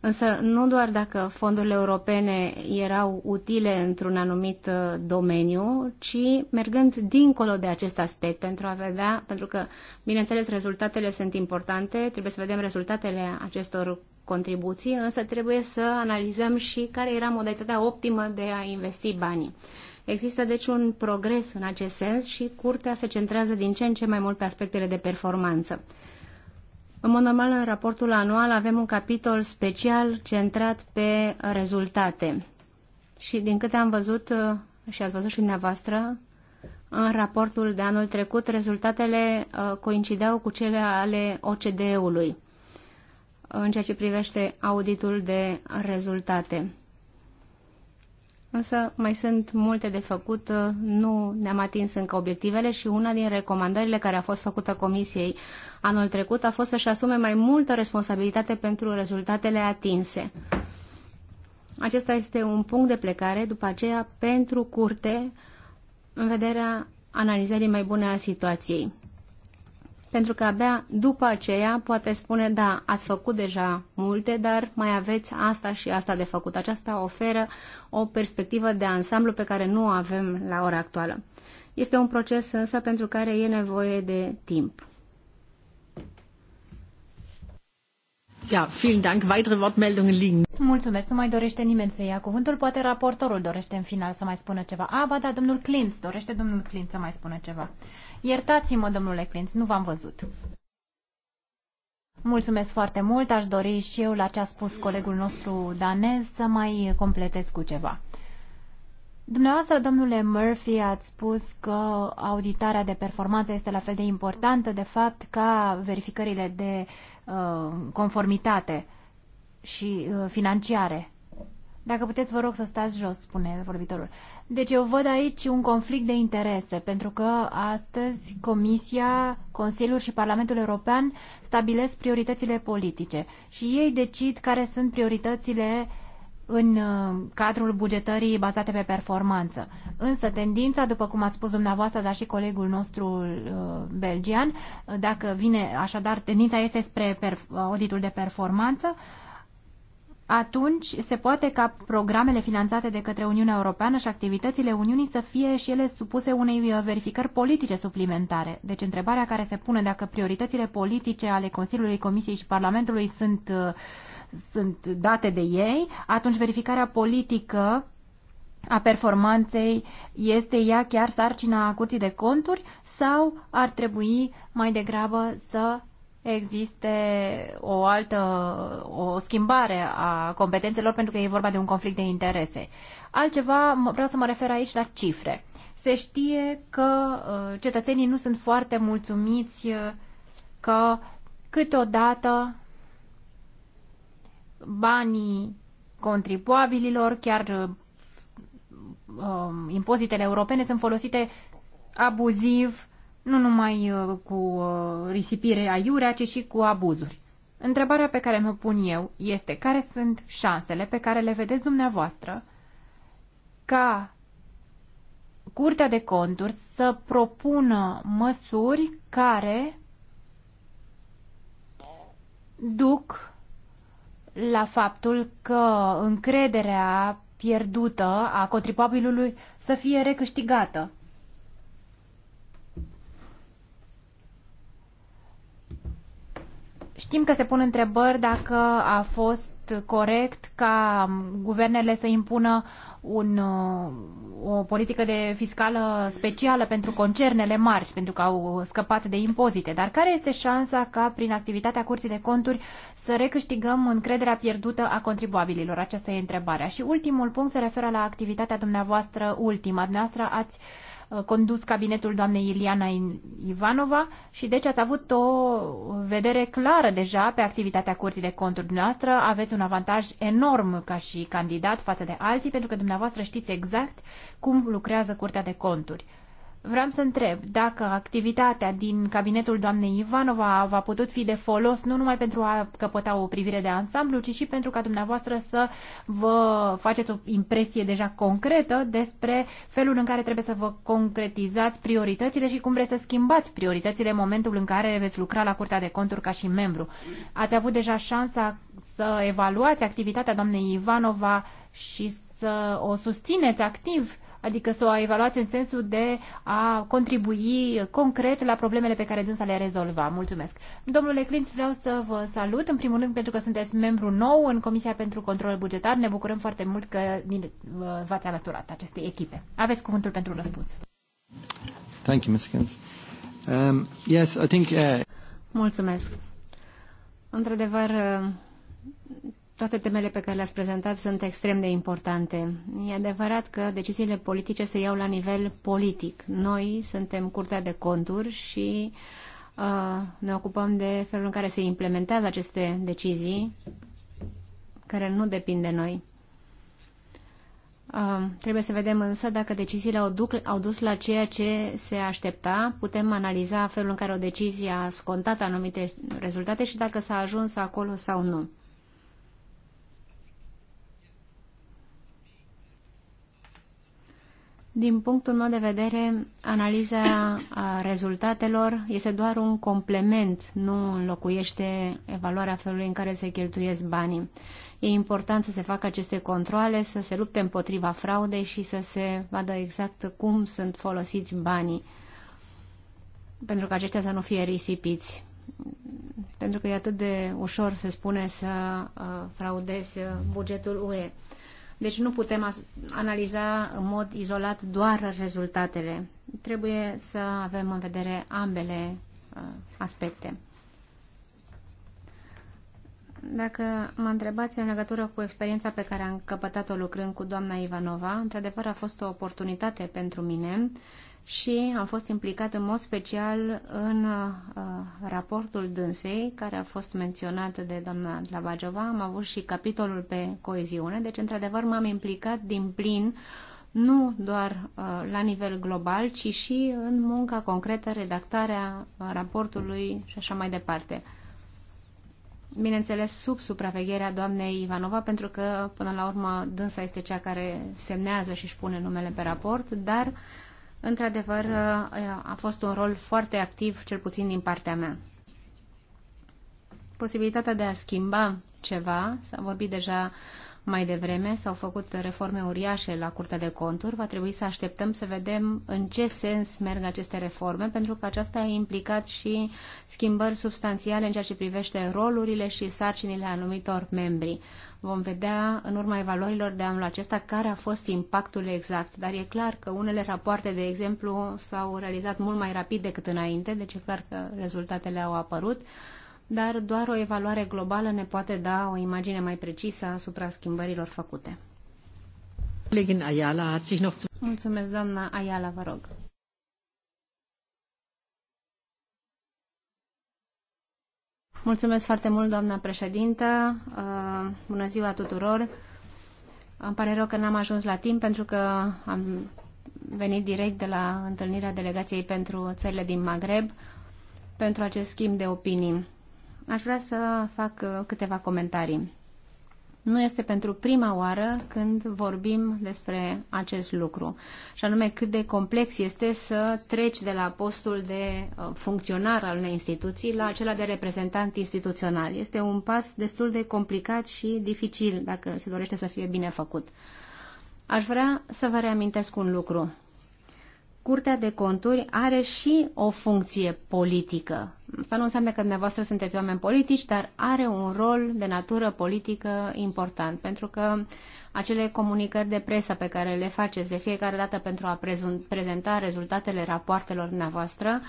însă nu doar dacă fondurile europene erau utile într-un anumit uh, domeniu, ci mergând dincolo de acest aspect pentru a vedea, pentru că, bineînțeles, rezultatele sunt importante, trebuie să vedem rezultatele acestor contribuții, însă trebuie să analizăm și care era modalitatea optimă de a investi banii. Există deci un progres în acest sens și curtea se centrează din ce în ce mai mult pe aspectele de performanță. În mod normal, în raportul anual avem un capitol special centrat pe rezultate. Și din câte am văzut uh, și ați văzut și dumneavoastră, în raportul de anul trecut, rezultatele uh, coincideau cu cele ale OCDE-ului în ceea ce privește auditul de rezultate însă mai sunt multe de făcut, nu ne-am atins încă obiectivele și una din recomandările care a fost făcută Comisiei anul trecut a fost să-și asume mai multă responsabilitate pentru rezultatele atinse. Acesta este un punct de plecare, după aceea, pentru curte, în vederea analizării mai bune a situației pentru că abia după aceea poate spune, da, ați făcut deja multe, dar mai aveți asta și asta de făcut. Aceasta oferă o perspectivă de ansamblu pe care nu o avem la ora actuală. Este un proces însă pentru care e nevoie de timp. Ja, vielen Dank. Weitere Wortmeldungen liegen Mulțumesc, nu mai dorește nimeni să ia cuvântul. Poate raportorul dorește în final să mai spună ceva. A, ba da, domnul Clint dorește domnul Clint să mai spună ceva. Iertați-mă, domnule Clint, nu v-am văzut. Mulțumesc foarte mult. Aș dori și eu la ce a spus colegul nostru danez să mai completez cu ceva. Dumneavoastră, domnule Murphy, ați spus că auditarea de performanță este la fel de importantă, de fapt, ca verificările de uh, conformitate și uh, financiare. Dacă puteți, vă rog să stați jos, spune vorbitorul. Deci eu văd aici un conflict de interese, pentru că astăzi Comisia, Consiliul și Parlamentul European stabilesc prioritățile politice și ei decid care sunt prioritățile în uh, cadrul bugetării bazate pe performanță. Însă tendința, după cum ați spus dumneavoastră, dar și colegul nostru uh, belgian, dacă vine așadar, tendința este spre auditul de performanță, atunci se poate ca programele finanțate de către Uniunea Europeană și activitățile Uniunii să fie și ele supuse unei uh, verificări politice suplimentare. Deci întrebarea care se pune dacă prioritățile politice ale Consiliului, Comisiei și Parlamentului sunt, uh, sunt date de ei, atunci verificarea politică a performanței este ea chiar sarcina a curții de conturi sau ar trebui mai degrabă să existe o altă, o schimbare a competențelor pentru că e vorba de un conflict de interese. Altceva, vreau să mă refer aici la cifre. Se știe că uh, cetățenii nu sunt foarte mulțumiți uh, că câteodată banii contribuabililor, chiar uh, um, impozitele europene sunt folosite abuziv nu numai uh, cu uh, risipire aiurea, ci și cu abuzuri. Întrebarea pe care mă pun eu este care sunt șansele pe care le vedeți dumneavoastră ca Curtea de Conturi să propună măsuri care duc la faptul că încrederea pierdută a contribuabilului să fie recâștigată. Știm că se pun întrebări dacă a fost corect ca guvernele să impună un, uh, o politică de fiscală specială pentru concernele mari, pentru că au scăpat de impozite. Dar care este șansa ca prin activitatea Curții de Conturi să recâștigăm încrederea pierdută a contribuabililor? Aceasta e întrebarea. Și ultimul punct se referă la activitatea dumneavoastră ultima. Dumneavoastră ați uh, Uh, condus cabinetul doamnei Iliana Ivanova și deci ați avut o vedere clară deja pe activitatea Curții de Conturi dumneavoastră. Aveți un avantaj enorm ca și candidat față de alții pentru că dumneavoastră știți exact cum lucrează Curtea de Conturi. Vreau să întreb dacă activitatea din cabinetul doamnei Ivanova va putut fi de folos nu numai pentru a căpăta o privire de ansamblu, ci și pentru ca dumneavoastră să vă faceți o impresie deja concretă despre felul în care trebuie să vă concretizați prioritățile și cum vreți să schimbați prioritățile în momentul în care veți lucra la Curtea de Conturi ca și membru. Ați avut deja șansa să evaluați activitatea doamnei Ivanova și să o susțineți activ adică să o evaluați în sensul de a contribui concret la problemele pe care dânsa le rezolva. Mulțumesc. Domnule Clint, vreau să vă salut, în primul rând pentru că sunteți membru nou în Comisia pentru Control Bugetar. Ne bucurăm foarte mult că uh, v-ați alăturat acestei echipe. Aveți cuvântul pentru răspuns. Thank you, Ms. Kins. Um, yes, I think, uh... Mulțumesc. Într-adevăr, toate temele pe care le-ați prezentat sunt extrem de importante. E adevărat că deciziile politice se iau la nivel politic. Noi suntem Curtea de Conturi și uh, ne ocupăm de felul în care se implementează aceste decizii care nu depind de noi. Uh, trebuie să vedem însă dacă deciziile au, duc, au dus la ceea ce se aștepta. Putem analiza felul în care o decizie a scontat anumite rezultate și dacă s-a ajuns acolo sau nu. Din punctul meu de vedere, analiza rezultatelor este doar un complement, nu înlocuiește evaluarea felului în care se cheltuiesc banii. E important să se facă aceste controle, să se lupte împotriva fraudei și să se vadă exact cum sunt folosiți banii, pentru că aceștia să nu fie risipiți. Pentru că e atât de ușor, se spune, să uh, fraudezi bugetul UE. Deci nu putem analiza în mod izolat doar rezultatele. Trebuie să avem în vedere ambele uh, aspecte. Dacă mă întrebați în legătură cu experiența pe care am căpătat-o lucrând cu doamna Ivanova, într-adevăr a fost o oportunitate pentru mine și a fost implicat în mod special în uh, raportul dânsei, care a fost menționat de doamna Lavajova. Am avut și capitolul pe coeziune, deci într-adevăr m-am implicat din plin nu doar uh, la nivel global, ci și în munca concretă, redactarea raportului și așa mai departe. Bineînțeles, sub supravegherea doamnei Ivanova, pentru că, până la urmă, dânsa este cea care semnează și își pune numele pe raport, dar uh, Într-adevăr, da. uh, a fost un rol foarte activ, cel puțin din partea mea. Posibilitatea de a schimba ceva, s-a vorbit deja uh, mai devreme, s-au făcut reforme uriașe la Curtea de Conturi. Va trebui să așteptăm să vedem în ce sens merg aceste reforme, pentru că aceasta a implicat și schimbări substanțiale în ceea ce privește rolurile și sarcinile anumitor membri. Vom vedea în urma evaluărilor de anul acesta care a fost impactul exact, dar e clar că unele rapoarte, de exemplu, s-au realizat mult mai rapid decât înainte, deci e clar că rezultatele au apărut dar doar o evaluare globală ne poate da o imagine mai precisă asupra schimbărilor făcute. Mulțumesc, doamna Ayala, vă rog. Mulțumesc foarte mult, doamna președintă. Uh, bună ziua tuturor. Îmi pare rău că n-am ajuns la timp pentru că am venit direct de la întâlnirea delegației pentru țările din Maghreb pentru acest schimb de opinii aș vrea să fac uh, câteva comentarii. Nu este pentru prima oară când vorbim despre acest lucru, și anume cât de complex este să treci de la postul de uh, funcționar al unei instituții la acela de reprezentant instituțional. Este un pas destul de complicat și dificil dacă se dorește să fie bine făcut. Aș vrea să vă reamintesc un lucru. Curtea de Conturi are și o funcție politică. Asta nu înseamnă că dumneavoastră sunteți oameni politici, dar are un rol de natură politică important, pentru că acele comunicări de presă pe care le faceți de fiecare dată pentru a prezenta rezultatele rapoartelor dumneavoastră,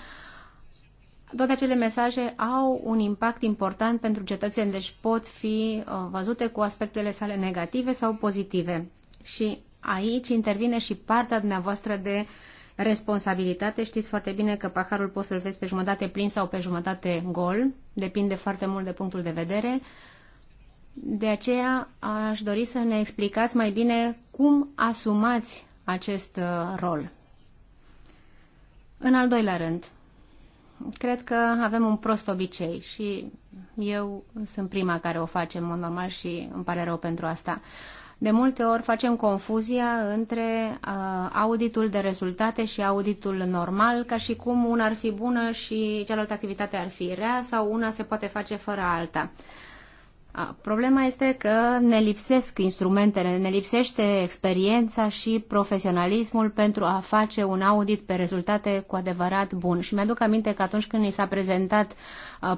toate acele mesaje au un impact important pentru cetățeni, deci pot fi uh, văzute cu aspectele sale negative sau pozitive. Și aici intervine și partea dumneavoastră de uh, responsabilitate. Știți foarte bine că paharul poți să-l vezi pe jumătate plin sau pe jumătate gol, depinde foarte mult de punctul de vedere. De aceea aș dori să ne explicați mai bine cum asumați acest uh, rol. În al doilea rând, cred că avem un prost obicei și eu sunt prima care o face în mod normal și îmi pare rău pentru asta. De multe ori facem confuzia între uh, auditul de rezultate și auditul normal, ca și cum una ar fi bună și cealaltă activitate ar fi rea sau una se poate face fără alta. Problema este că ne lipsesc instrumentele, ne lipsește experiența și profesionalismul pentru a face un audit pe rezultate cu adevărat bun. Și mi-aduc aminte că atunci când ni s-a prezentat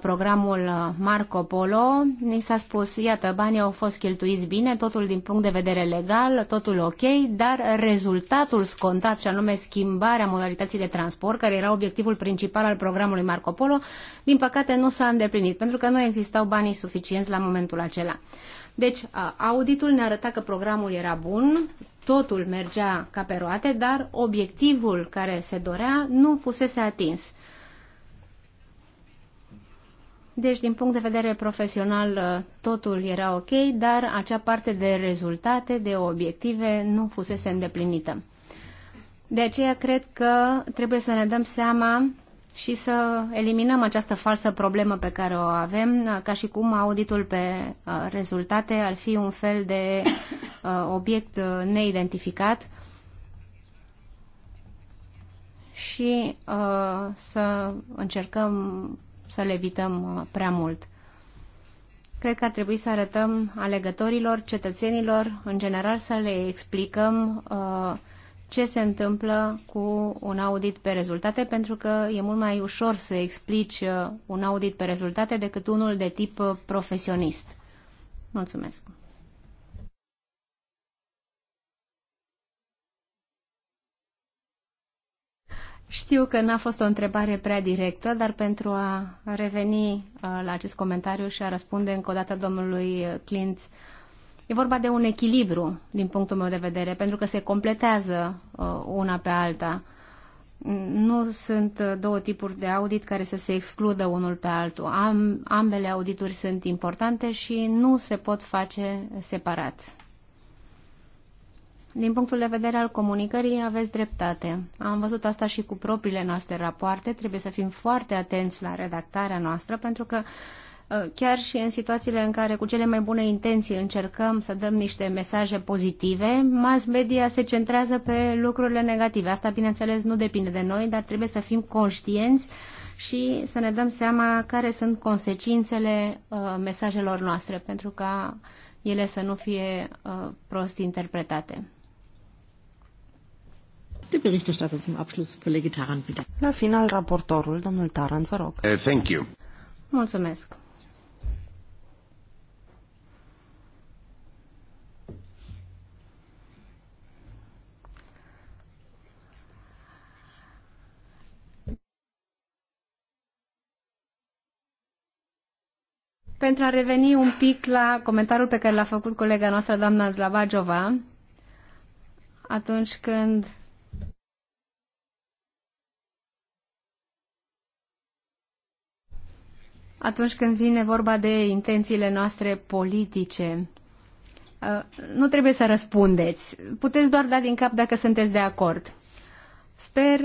programul Marco Polo, ni s-a spus, iată, banii au fost cheltuiți bine, totul din punct de vedere legal, totul ok, dar rezultatul scontat, și anume schimbarea modalității de transport, care era obiectivul principal al programului Marco Polo, din păcate nu s-a îndeplinit, pentru că nu existau banii suficienți la momentul momentul acela. Deci, auditul ne arăta că programul era bun, totul mergea ca pe roate, dar obiectivul care se dorea nu fusese atins. Deci, din punct de vedere profesional, totul era ok, dar acea parte de rezultate, de obiective, nu fusese îndeplinită. De aceea, cred că trebuie să ne dăm seama și să eliminăm această falsă problemă pe care o avem, ca și cum auditul pe uh, rezultate ar fi un fel de uh, obiect uh, neidentificat și să încercăm să le evităm prea mult. Cred că ar trebui să arătăm alegătorilor, cetățenilor, în general, să le explicăm uh, ce se întâmplă cu un audit pe rezultate, pentru că e mult mai ușor să explici uh, un audit pe rezultate decât unul de tip uh, profesionist. Mulțumesc! Știu că n-a fost o întrebare prea directă, dar pentru a reveni uh, la acest comentariu și a răspunde încă o dată domnului Clint, E vorba de un echilibru, din punctul meu de vedere, pentru că se completează uh, una pe alta. Nu sunt uh, două tipuri de audit care să se excludă unul pe altul. Am, ambele audituri sunt importante și nu se pot face separat. Din punctul de vedere al comunicării, aveți dreptate. Am văzut asta și cu propriile noastre rapoarte. Trebuie să fim foarte atenți la redactarea noastră, pentru că uh, Uh, chiar și în situațiile în care cu cele mai bune intenții încercăm să dăm niște mesaje pozitive, mass media se centrează pe lucrurile negative. Asta, bineînțeles, nu depinde de noi, dar trebuie să fim conștienți și să ne dăm seama care sunt consecințele uh, mesajelor noastre, pentru ca ele să nu fie uh, prost interpretate. De Berichterstatter zum Abschluss, Kollege Tarand, bitte. La final, raportorul, domnul Tarant, vă rog. Uh, thank you. Mulțumesc. pentru a reveni un pic la comentariul pe care l-a făcut colega noastră, doamna Dlabajova, atunci când atunci când vine vorba de intențiile noastre politice. Uh, nu trebuie să răspundeți. Puteți doar da din cap dacă sunteți de acord. Sper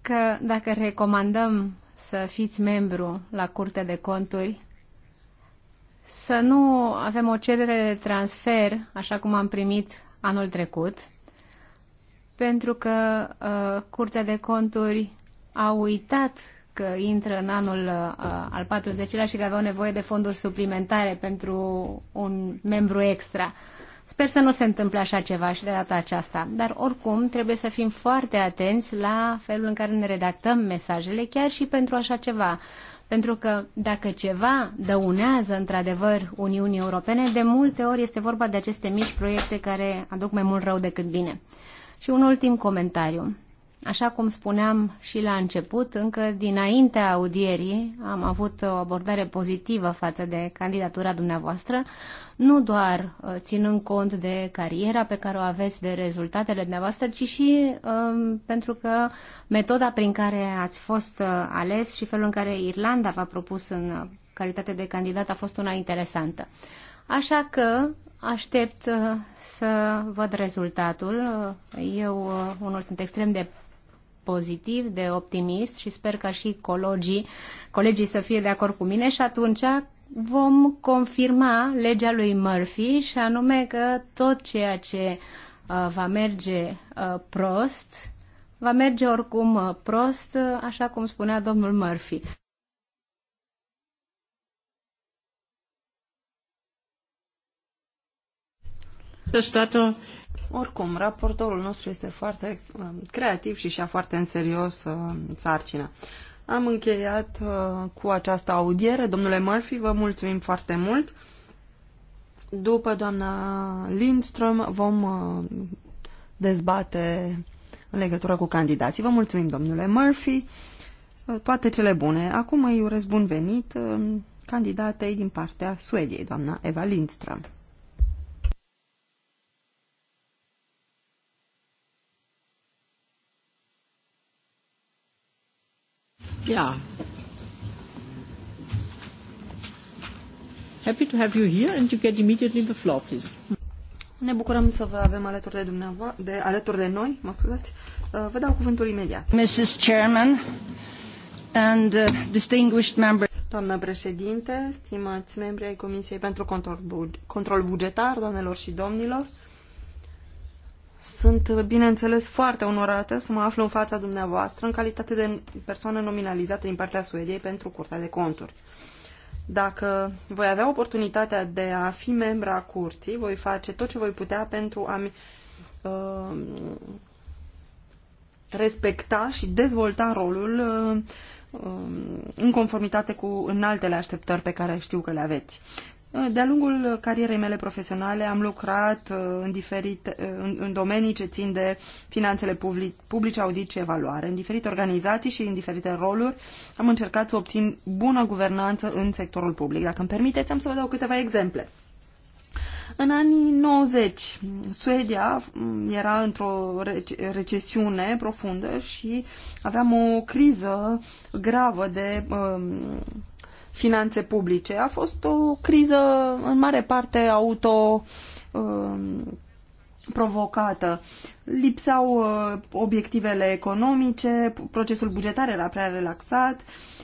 că dacă recomandăm să fiți membru la Curtea de Conturi, să nu avem o cerere de transfer, așa cum am primit anul trecut, pentru că uh, Curtea de Conturi a uitat că intră în anul uh, al 40-lea și că aveau nevoie de fonduri suplimentare pentru un membru extra. Uh, Sper să nu se întâmple așa ceva și de data aceasta, dar oricum trebuie să fim foarte atenți la felul în care ne redactăm mesajele, chiar și pentru așa ceva. Pentru că dacă ceva dăunează într-adevăr Uniunii Europene, de multe ori este vorba de aceste mici proiecte care aduc mai mult rău decât bine. Și un ultim comentariu. Așa cum spuneam și la început, încă dinaintea audierii am avut o abordare pozitivă față de candidatura dumneavoastră, nu doar uh, ținând cont de cariera pe care o aveți, de rezultatele dumneavoastră, ci și um, pentru că metoda prin care ați fost uh, ales și felul în care Irlanda v-a propus în uh, calitate de candidat a fost una interesantă. Așa că aștept să văd rezultatul. Eu, unul, sunt extrem de pozitiv, de optimist și sper ca și colegii, colegii să fie de acord cu mine și atunci vom confirma legea lui Murphy și anume că tot ceea ce uh, va merge uh, prost, va merge oricum uh, prost, uh, așa cum spunea domnul Murphy. Berichterstatter oricum, raportorul nostru este foarte um, creativ și și-a foarte în serios uh, sarcina. Am încheiat uh, cu această audiere. Domnule Murphy, vă mulțumim foarte mult. După doamna Lindström vom uh, dezbate în legătură cu candidații. Vă mulțumim, domnule Murphy. Toate cele bune. Acum îi urez bun venit um, candidatei din partea Suediei, doamna Eva Lindström. Yeah. Happy to have you here and you get immediately the floor, please. Ne bucurăm să vă avem alături de dumneavoastră, de, alături de noi, mă scuzați. Uh, vă dau cuvântul imediat. Mrs. Chairman and uh, distinguished members. Doamnă președinte, stimați membri ai Comisiei pentru Control, Bug Control Bugetar, doamnelor și domnilor, sunt, bineînțeles, foarte onorată să mă aflu în fața dumneavoastră în calitate de persoană nominalizată din partea Suediei pentru Curtea de Conturi. Dacă voi avea oportunitatea de a fi membra a curții, voi face tot ce voi putea pentru a-mi uh, respecta și dezvolta rolul uh, uh în conformitate cu în altele așteptări pe care știu că le aveți. De-a lungul carierei mele profesionale am lucrat uh, în, diferite, uh, în, în domenii ce țin de finanțele publice, audit și evaluare. În diferite organizații și în diferite roluri am încercat să obțin bună guvernanță în sectorul public. Dacă îmi permiteți, am să vă dau câteva exemple. În anii 90, Suedia mm, era într-o recesiune profundă și aveam o criză gravă de um, finanțe publice. A fost o criză în mare parte auto um, provocată. Lipsau uh, obiectivele economice, procesul bugetar era prea relaxat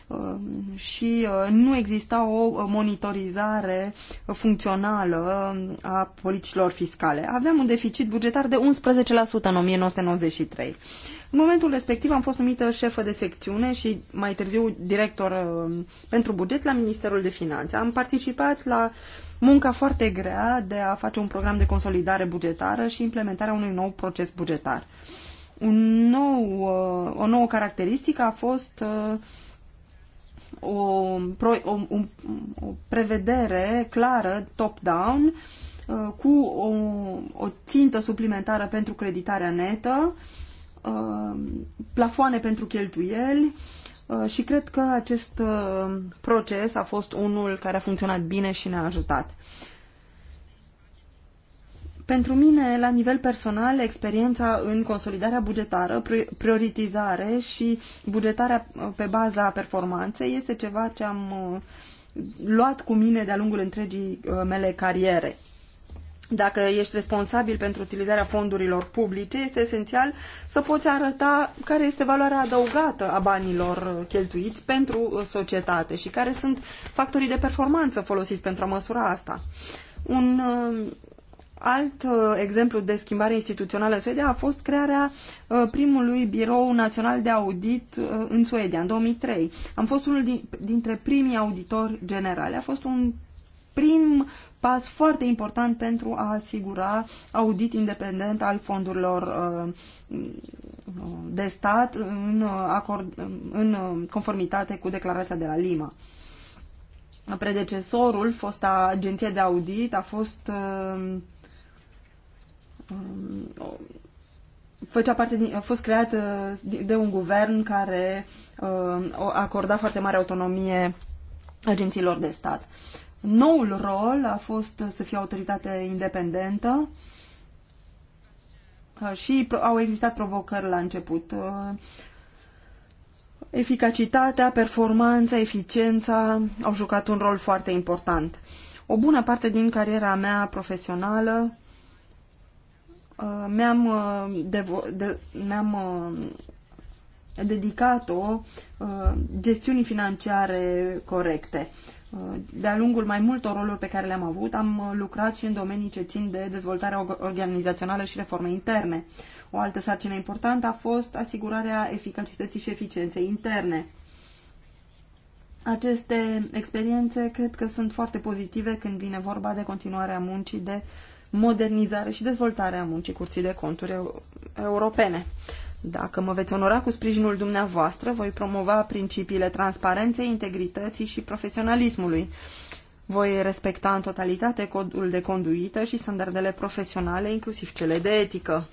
um, și uh, nu exista o uh, monitorizare funcțională um, a politicilor fiscale. Aveam un deficit bugetar de 11% în 1993. În momentul respectiv am fost numită șefă de secțiune și mai târziu director uh, pentru buget la Ministerul de Finanțe. Am participat la munca foarte grea de a face un program de consolidare bugetară și implementarea unui nou proces bugetar. Un nou, uh, o nouă caracteristică a fost uh, o, o, o, o prevedere clară top-down cu o, o țintă suplimentară pentru creditarea netă Uh, plafoane pentru cheltuieli uh, și cred că acest uh, proces a fost unul care a funcționat bine și ne-a ajutat. Pentru mine, la nivel personal, experiența în consolidarea bugetară, prioritizare și bugetarea pe baza performanței este ceva ce am luat cu mine de-a lungul întregii mele cariere. Dacă ești responsabil pentru utilizarea fondurilor publice, este esențial să poți arăta care este valoarea adăugată a banilor cheltuiți pentru societate și care sunt factorii de performanță folosiți pentru a măsura asta. Un uh, alt uh, exemplu de schimbare instituțională în Suedia a fost crearea uh, primului birou național de audit în Suedia, în 2003. Am fost unul dintre primii auditori generali. A fost un prim pas foarte important pentru a asigura audit independent al fondurilor uh, uh, de stat în, uh, acord, în conformitate cu declarația de la Lima. Predecesorul, fosta agenție de audit, a fost um, făcea parte din, a fost creat de un guvern care acorda foarte mare autonomie agențiilor de stat. Noul rol a fost să fie autoritate independentă uh, și au existat provocări la început. Uh, eficacitatea, performanța, eficiența au jucat un rol foarte important. O bună parte din cariera mea profesională uh, mi-am de, mi-am dedicat-o gestiunii financiare corecte. Uh, de-a lungul mai multor roluri pe care le-am avut, am uh, lucrat și în domenii ce țin de dezvoltarea organizațională și reforme interne. O altă sarcină importantă a fost asigurarea eficacității și eficienței interne. Aceste experiențe cred că sunt foarte pozitive când vine vorba de continuarea muncii de modernizare și dezvoltare a muncii curții de conturi europene. Dacă mă veți onora cu sprijinul dumneavoastră, voi promova principiile transparenței, integrității și profesionalismului. Voi respecta în totalitate codul de conduită și standardele profesionale, inclusiv cele de etică.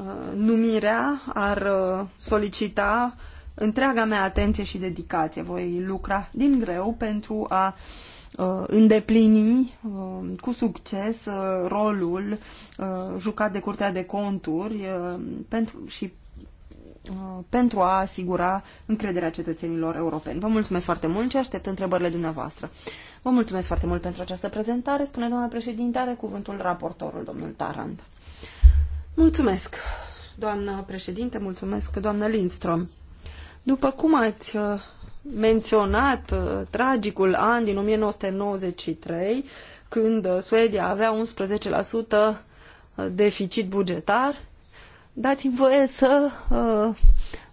Uh, numirea ar uh, solicita întreaga mea atenție și dedicație. Voi lucra din greu pentru a uh, Uh, îndeplini uh, cu succes uh, rolul jucat de Curtea de Conturi pentru, și pentru a asigura încrederea cetățenilor europeni. Vă mulțumesc foarte mult și aștept întrebările dumneavoastră. Vă mulțumesc foarte mult pentru această prezentare. Spune doamna președinte, are cuvântul raportorul, domnul Tarand. Mulțumesc, doamnă președinte, mulțumesc, doamnă Lindstrom. După cum ați menționat uh, tragicul an din 1993, când uh, Suedia avea 11% uh, deficit bugetar, dați-mi voie să uh,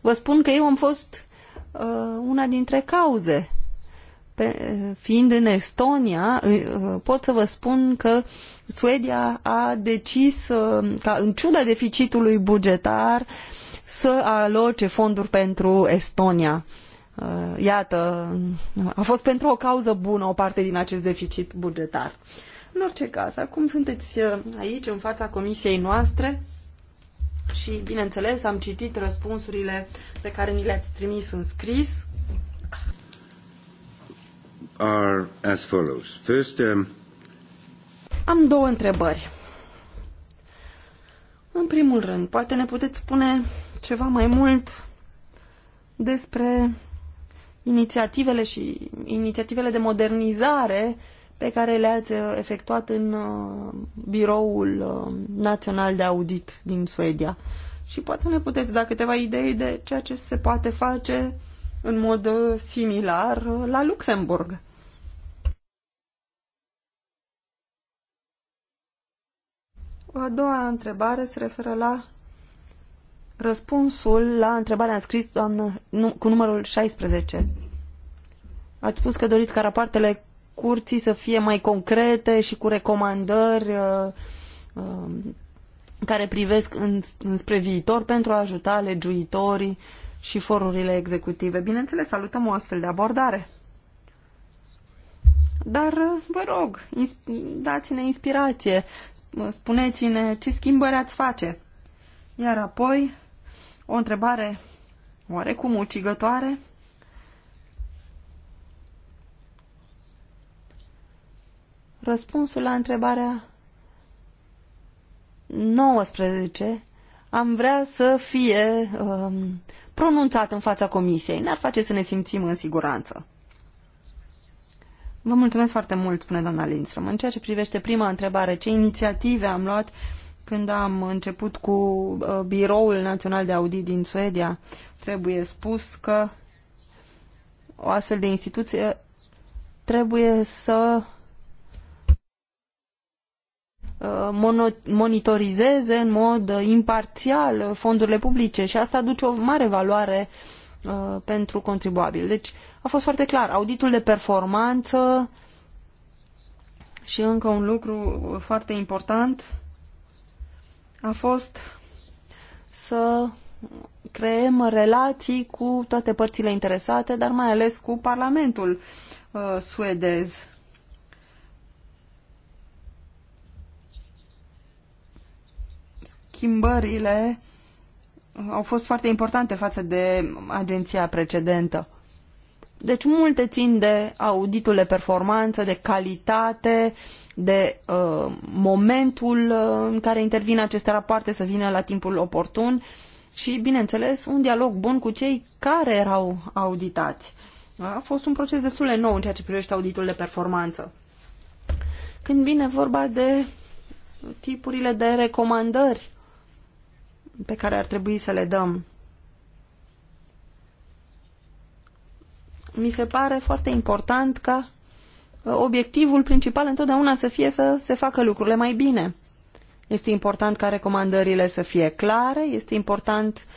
vă spun că eu am fost uh, una dintre cauze. Pe, fiind în Estonia, uh, pot să vă spun că Suedia a decis uh, ca în ciuda deficitului bugetar să aloce fonduri pentru Estonia. Uh, Uh, iată, a fost pentru o cauză bună o parte din acest deficit bugetar. În orice caz, acum sunteți uh, aici, în fața comisiei noastre și, bineînțeles, am citit răspunsurile pe care ni le-ați trimis în scris. Are as follows. First, um... Am două întrebări. În primul rând, poate ne puteți spune ceva mai mult despre inițiativele și inițiativele de modernizare pe care le-ați uh, efectuat în uh, biroul uh, național de audit din Suedia. Și poate ne puteți da câteva idei de ceea ce se poate face în mod similar la Luxemburg. O a doua întrebare se referă la răspunsul la întrebarea înscris doamnă, nu, cu numărul 16. Ați spus că doriți ca rapoartele curții să fie mai concrete și cu recomandări uh, uh, care privesc în, înspre viitor pentru a ajuta legiuitorii și forurile executive. Bineînțeles, salutăm o astfel de abordare. Dar uh, vă rog, dați-ne inspirație, spuneți-ne ce schimbări ați face. Iar apoi o întrebare oarecum ucigătoare. Răspunsul la întrebarea 19 am vrea să fie um, pronunțat în fața comisiei. N-ar face să ne simțim în siguranță. Vă mulțumesc foarte mult, spune doamna Lindström. În ceea ce privește prima întrebare, ce inițiative am luat uh, când am început cu uh, Biroul Național de Audit din Suedia, trebuie spus că o astfel de instituție trebuie să uh, monitorizeze în mod uh, imparțial fondurile publice și asta aduce o mare valoare pentru contribuabil. Deci a fost foarte clar, auditul de performanță și încă un lucru foarte important a fost să creăm relații cu toate părțile interesate, dar mai ales cu Parlamentul uh, suedez. Schimbările au fost foarte importante față de agenția precedentă. Deci multe țin de auditul de performanță, de calitate, uh, de uh, momentul uh, în care intervin aceste rapoarte să vină la timpul oportun și, bineînțeles, un dialog bun cu cei care erau auditați. A fost un proces destul de nou în ceea ce privește auditul de performanță. Când vine vorba de tipurile de recomandări pe care ar trebui să le dăm, mi se pare foarte important ca obiectivul principal întotdeauna să fie să se facă lucrurile mai bine. Este important ca recomandările să fie clare, este important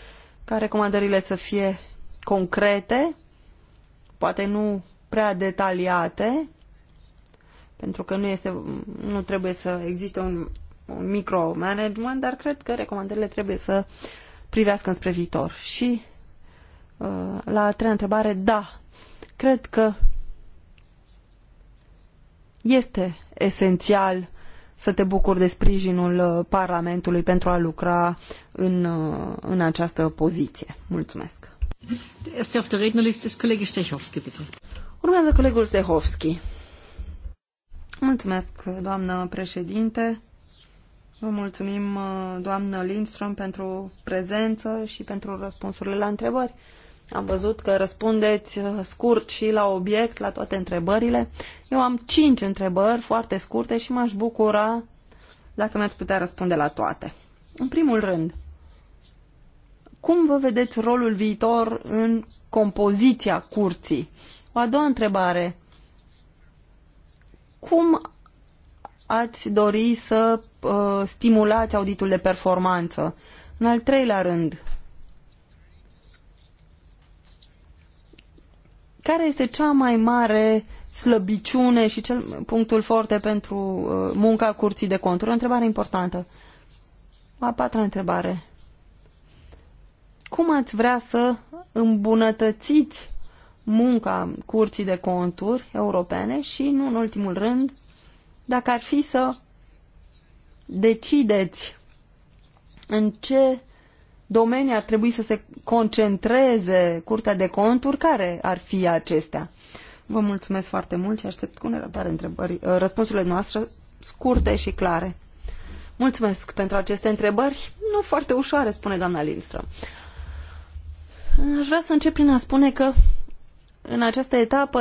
ca recomandările să fie concrete, poate nu prea detaliate, pentru că nu, este, nu trebuie să existe un, un micromanagement, dar cred că recomandările trebuie să privească înspre viitor. Și uh, la a treia întrebare, da, cred că este esențial să te bucuri de sprijinul uh, Parlamentului pentru a lucra în, uh, în această poziție. Mulțumesc. Este auf der Rednerliste ist Kollege Stechowski, bitte. Urmează colegul Stehovski. Mulțumesc, doamnă președinte. Vă mulțumim, uh, doamnă Lindström, pentru prezență și pentru răspunsurile la întrebări. Am văzut că răspundeți uh, scurt și la obiect, la toate întrebările. Eu am cinci întrebări foarte scurte și m-aș bucura dacă mi-ați putea răspunde la toate. În primul rând, cum vă vedeți rolul viitor în compoziția curții? O a doua întrebare, cum ați dori să uh, stimulați auditul de performanță? În al treilea rând, Care este cea mai mare slăbiciune și cel punctul forte pentru uh, munca curții de conturi? O întrebare importantă. A patra întrebare. Cum ați vrea să îmbunătățiți munca curții de conturi europene și, nu în ultimul rând, dacă ar fi să decideți în ce domenii ar trebui să se concentreze Curtea de Conturi? Care ar fi acestea? Vă mulțumesc foarte mult și aștept cu nerăbdare întrebări, uh, răspunsurile noastre scurte și clare. Mulțumesc pentru aceste întrebări. Nu foarte ușoare, spune doamna Lindström. Aș vrea să încep prin a spune că în această etapă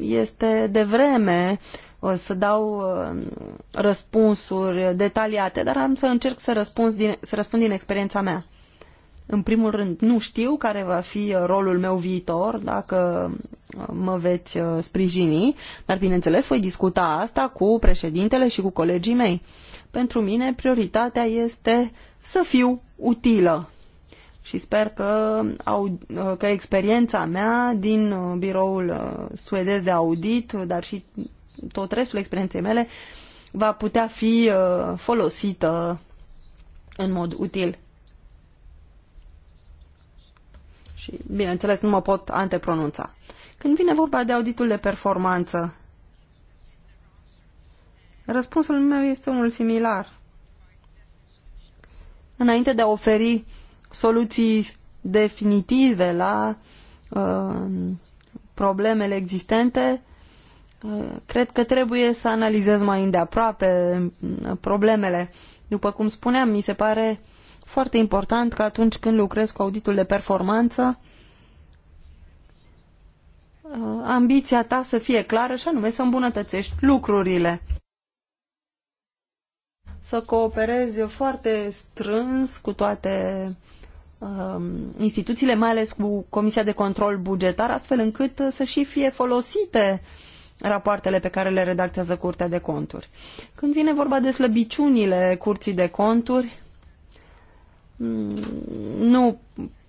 este de vreme o să dau uh, răspunsuri detaliate, dar am să încerc să, răspuns din, să răspund din experiența mea. În primul rând, nu știu care va fi uh, rolul meu viitor, dacă uh, mă veți uh, sprijini, dar bineînțeles voi discuta asta cu președintele și cu colegii mei. Pentru mine prioritatea este să fiu utilă și sper că, au, că experiența mea din biroul suedez de audit, dar și tot restul experienței mele, va putea fi folosită în mod util. și, bineînțeles, nu mă pot antepronunța. Când vine vorba de auditul de performanță, răspunsul meu este unul similar. Înainte de a oferi soluții definitive la uh, problemele existente, uh, cred că trebuie să analizez mai îndeaproape uh, problemele. După cum spuneam, mi se pare uh, foarte important că atunci când lucrez cu auditul de performanță, uh, ambiția ta să fie clară și anume să îmbunătățești lucrurile. Să cooperezi foarte strâns cu toate um, instituțiile, mai ales cu Comisia de Control Bugetar, astfel încât uh, să și fie folosite rapoartele pe care le redactează Curtea de Conturi. Când vine vorba de slăbiciunile Curții de Conturi, nu,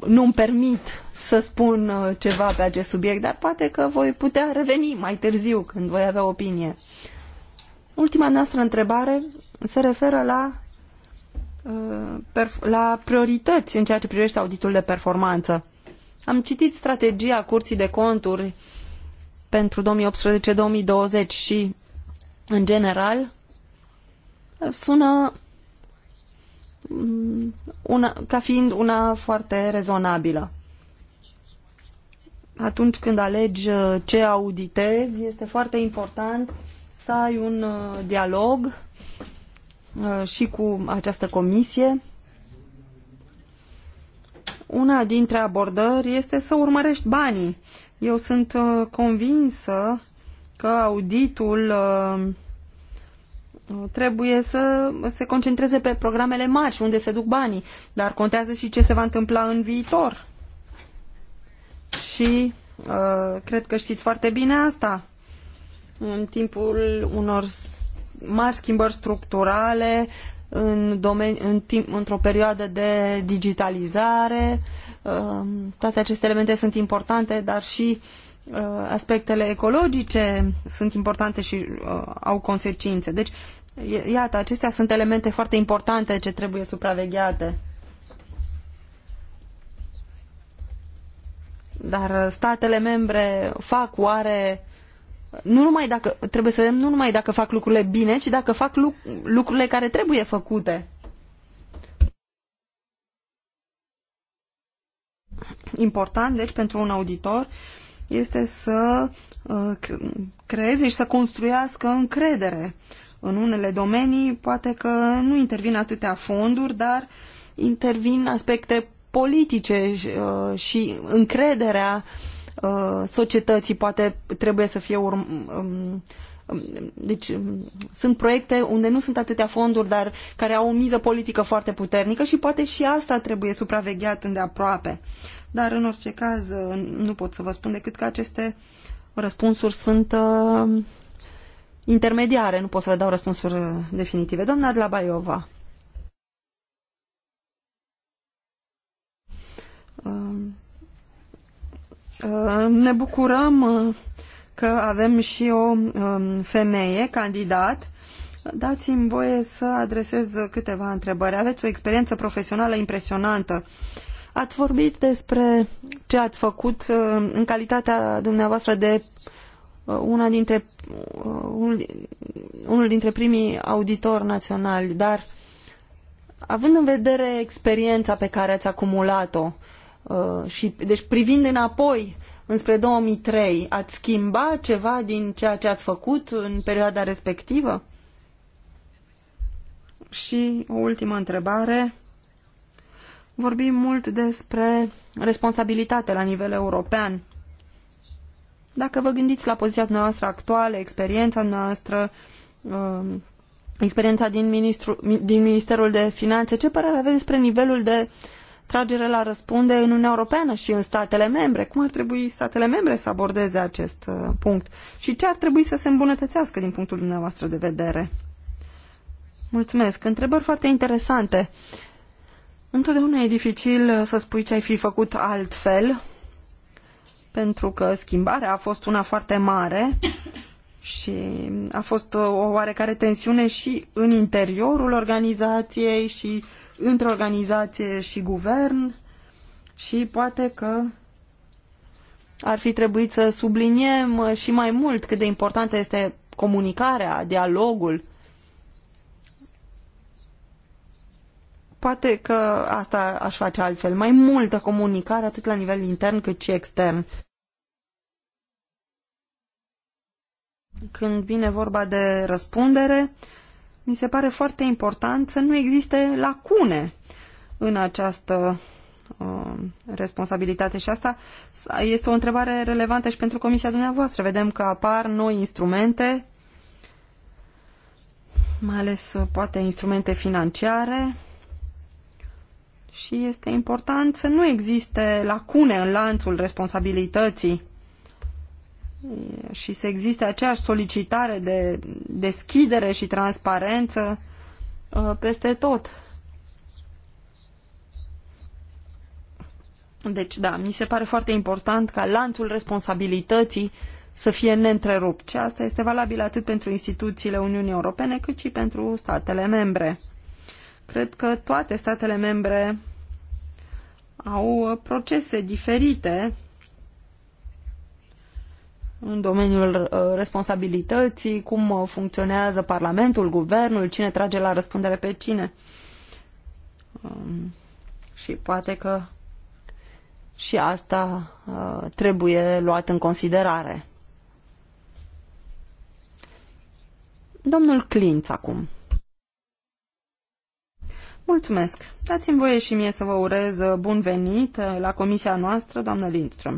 nu-mi permit să spun uh, ceva pe acest subiect, dar poate că voi putea reveni mai târziu când voi avea opinie. Ultima noastră întrebare se referă la, uh, la priorități în ceea ce privește auditul de performanță. Am citit strategia Curții de Conturi pentru 2018-2020 și, în general, sună Mm, una, ca fiind una foarte rezonabilă. Atunci când alegi uh, ce auditezi, este foarte important să ai un uh, dialog uh, și cu această comisie. Una dintre abordări este să urmărești banii. Eu sunt convinsă că auditul trebuie să se concentreze pe programele mari și unde se duc banii, dar contează și ce se va întâmpla în viitor. Și uh, cred că știți foarte bine asta. În timpul unor mari schimbări structurale, în domeni, în timp, într-o perioadă de digitalizare, uh, toate aceste elemente sunt importante, dar și uh, Uh, aspectele ecologice sunt importante și uh, au consecințe. Deci, iată, acestea sunt elemente foarte importante ce trebuie supravegheate. Dar statele membre fac oare nu numai dacă, trebuie să vedem nu numai dacă fac lucrurile bine, ci dacă fac lu lucrurile care trebuie făcute. Important, deci, pentru un auditor este să uh, creeze și să construiască încredere. În unele domenii poate că nu intervin atâtea fonduri, dar intervin aspecte politice uh, și încrederea uh, societății poate trebuie să fie urm um, um, deci um, sunt proiecte unde nu sunt atâtea fonduri, dar care au o miză politică foarte puternică și poate și asta trebuie supravegheat îndeaproape dar în orice caz nu pot să vă spun decât că aceste răspunsuri sunt uh, intermediare, nu pot să vă dau răspunsuri uh, definitive. Doamna de la Baiova. Uh, uh, ne bucurăm uh, că avem și o um, femeie candidat. Dați-mi voie să adresez câteva întrebări. Aveți o experiență profesională impresionantă Ați vorbit despre ce ați făcut uh, în calitatea dumneavoastră de uh, una dintre, uh, unul, unul dintre primii auditori naționali, dar având în vedere experiența pe care ați acumulat-o și deci privind înapoi înspre 2003, ați schimbat ceva din ceea ce ați făcut în perioada respectivă? Și o ultimă întrebare Vorbim mult despre responsabilitate la nivel european. Dacă vă gândiți la poziția noastră actuală, experiența noastră, um, experiența din, ministru, din Ministerul de Finanțe, ce părere aveți despre nivelul de tragere la răspunde în Uniunea Europeană și în statele membre? Cum ar trebui statele membre să abordeze acest uh, punct? Și ce ar trebui să se îmbunătățească din punctul dumneavoastră de vedere? Mulțumesc. Întrebări foarte interesante. Întotdeauna e dificil uh, să spui ce ai fi făcut altfel, pentru că schimbarea a fost una foarte mare și a fost uh, o oarecare tensiune și în interiorul organizației și între organizație și guvern și poate că ar fi trebuit să subliniem uh, și mai mult cât de importantă este comunicarea, dialogul Poate că asta aș face altfel. Mai multă comunicare, atât la nivel intern cât și extern. Când vine vorba de răspundere, mi se pare foarte important să nu existe lacune în această uh, responsabilitate și asta este o întrebare relevantă și pentru comisia dumneavoastră. Vedem că apar noi instrumente, mai ales uh, poate instrumente financiare și este important să nu existe lacune în lanțul responsabilității și să existe aceeași solicitare de deschidere și transparență uh, peste tot. Deci, da, mi se pare foarte important ca lanțul responsabilității să fie neîntrerupt. Și asta este valabil atât pentru instituțiile Uniunii Europene, cât și pentru statele membre. Cred că toate statele membre au uh, procese diferite în domeniul uh, responsabilității, cum uh, funcționează Parlamentul, Guvernul, cine trage la răspundere pe cine. Um, și poate că și asta trebuie luat în considerare. Domnul Clinț acum. Mulțumesc. Dați-mi voie și mie să vă urez uh, bun venit uh, la comisia noastră, doamnă Lindström.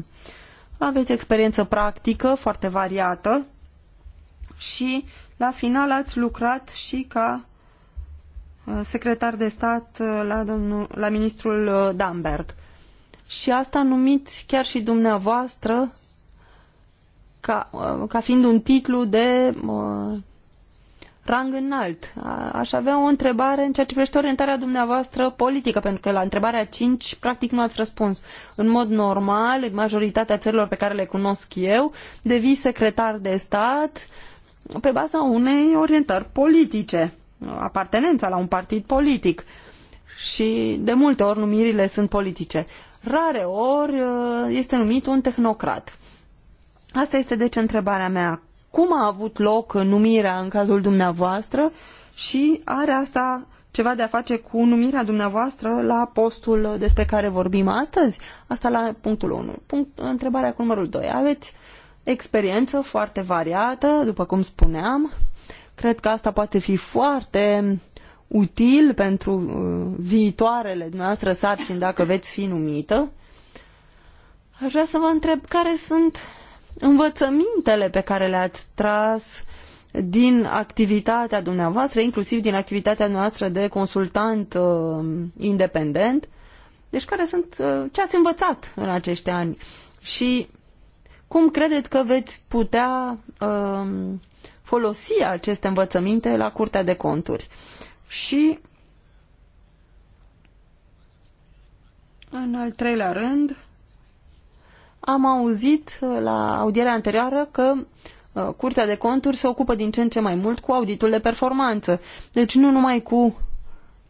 Aveți experiență practică foarte variată și la final ați lucrat și ca uh, secretar de stat la, domnul, la ministrul Damberg. Și asta numiți chiar și dumneavoastră ca, ca fiind un titlu de uh, rang înalt. Aș avea o întrebare în ceea ce privește orientarea dumneavoastră politică, pentru că la întrebarea 5 practic nu ați răspuns. În mod normal, majoritatea țărilor pe care le cunosc eu, devii secretar de stat pe baza unei orientări politice, apartenența la un partid politic. Și de multe ori numirile sunt politice. Rare ori uh, este numit un tehnocrat. Asta este deci întrebarea mea cum a avut loc numirea în cazul dumneavoastră și are asta ceva de a face cu numirea dumneavoastră la postul despre care vorbim astăzi? Asta la punctul 1. Punct, întrebarea cu numărul 2. Aveți experiență foarte variată, după cum spuneam. Cred că asta poate fi foarte util pentru uh, viitoarele dumneavoastră sarcini dacă veți fi numită. Aș vrea să vă întreb care sunt învățămintele pe care le-ați tras din activitatea dumneavoastră, inclusiv din activitatea noastră de consultant uh, independent. Deci care sunt, uh, ce ați învățat în acești ani și cum credeți că veți putea uh, folosi aceste învățăminte la Curtea de Conturi? Și în al treilea rând, am auzit uh, la audierea anterioară că uh, Curtea de Conturi se ocupă din ce în ce mai mult cu auditul de performanță. Deci nu numai cu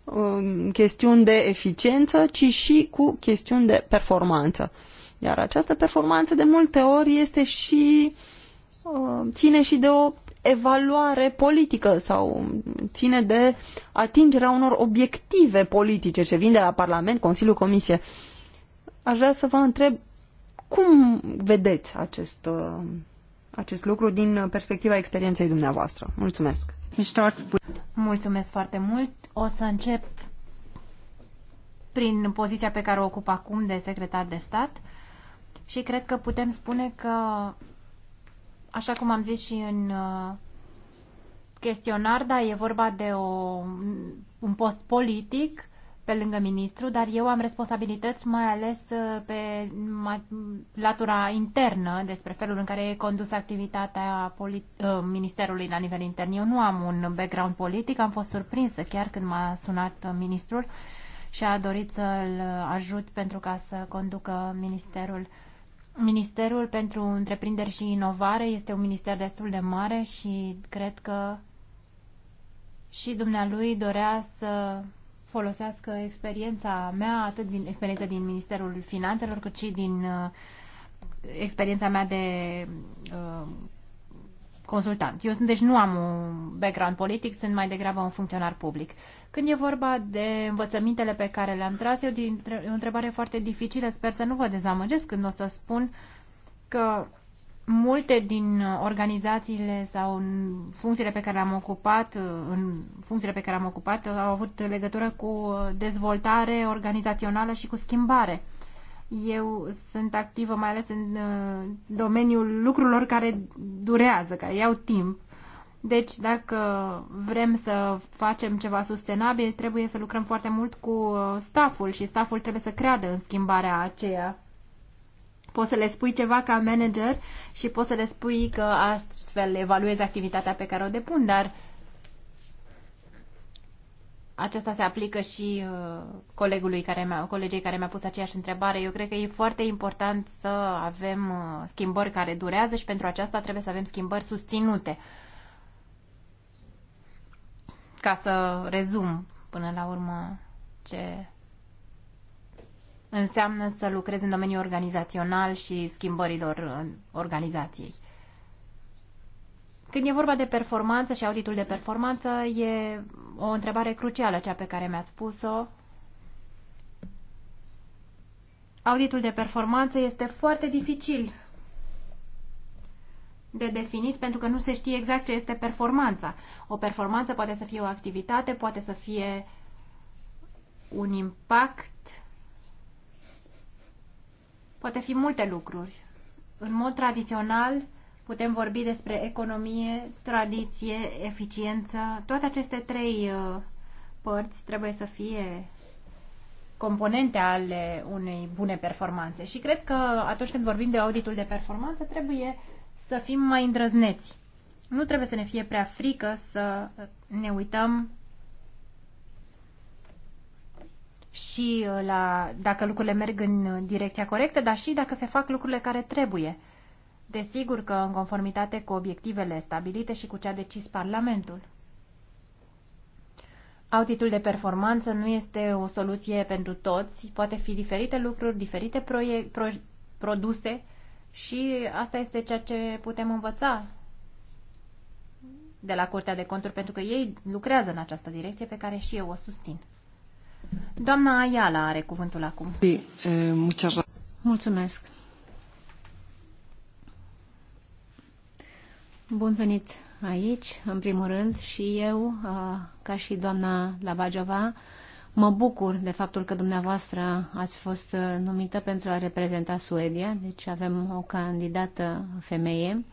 um, chestiuni de eficiență, ci și cu chestiuni de performanță. Iar această performanță de multe ori este și uh, ține și de o evaluare politică sau ține de atingerea unor obiective politice ce vin de la Parlament, Consiliu, Comisie. Aș vrea să vă întreb cum vedeți acest, uh, acest lucru din perspectiva experienței dumneavoastră? Mulțumesc! Mulțumesc foarte mult! O să încep prin poziția pe care o ocup acum de secretar de stat și cred că putem spune că, așa cum am zis și în uh, chestionar, da, e vorba de o, un post politic pe lângă ministru, dar eu am responsabilități mai ales uh, pe latura internă despre felul în care e condus activitatea uh, ministerului la nivel intern. Eu nu am un background politic, am fost surprinsă chiar când m-a sunat ministrul și a dorit să-l ajut pentru ca să conducă ministerul. Ministerul pentru întreprinderi și inovare este un minister destul de mare și cred că și dumnealui dorea să folosească experiența mea, atât din experiența din Ministerul Finanțelor, cât și din uh, experiența mea de uh, consultant. Eu deci nu am un background politic, sunt mai degrabă un funcționar public. Când e vorba de învățămintele pe care le-am tras, e o, o întrebare foarte dificilă, sper să nu vă dezamăgesc când o să spun că multe din organizațiile sau în funcțiile pe care am ocupat, uh, în funcțiile pe care am ocupat, uh, au avut legătură cu uh, dezvoltare organizațională și cu schimbare. Eu sunt activă mai ales în domeniul lucrurilor care durează, care iau timp. Deci, dacă vrem să facem ceva sustenabil, trebuie să lucrăm foarte mult cu staful și staful trebuie să creadă în schimbarea aceea Poți să le spui ceva ca manager și poți să le spui că astfel evaluezi activitatea pe care o depun, dar aceasta se aplică și uh, colegului care mi-a, colegii care mi-a pus aceeași întrebare. Eu cred că e foarte important să avem uh, schimbări care durează și pentru aceasta trebuie să avem schimbări susținute. Ca să rezum până la urmă ce înseamnă să lucrezi în domeniul organizațional și schimbărilor uh, organizației. Când e vorba de performanță și auditul de performanță, e o întrebare crucială cea pe care mi-ați spus o Auditul de performanță este foarte dificil de definit pentru că nu se știe exact ce este performanța. O performanță poate să fie o activitate, poate să fie un impact poate fi multe lucruri. În mod tradițional, putem vorbi despre economie, tradiție, eficiență. Toate aceste trei uh, părți trebuie să fie componente ale unei bune performanțe. Și cred că atunci când vorbim de auditul de performanță, trebuie să fim mai îndrăzneți. Nu trebuie să ne fie prea frică să ne uităm și uh, la, dacă lucrurile merg în uh, direcția corectă, dar și dacă se fac lucrurile care trebuie. Desigur că în conformitate cu obiectivele stabilite și cu ce a decis Parlamentul. Auditul de performanță nu este o soluție pentru toți, poate fi diferite lucruri, diferite proiect, pro, produse și asta este ceea ce putem învăța de la Curtea de Conturi, pentru că ei lucrează în această direcție pe care și eu o susțin. Doamna Ayala are cuvântul acum. Eh, Mulțumesc. Bun venit aici, în primul rând, și eu, eh, ca și doamna Labajova, mă bucur de faptul că dumneavoastră ați fost eh, numită pentru a reprezenta Suedia, deci avem o candidată femeie.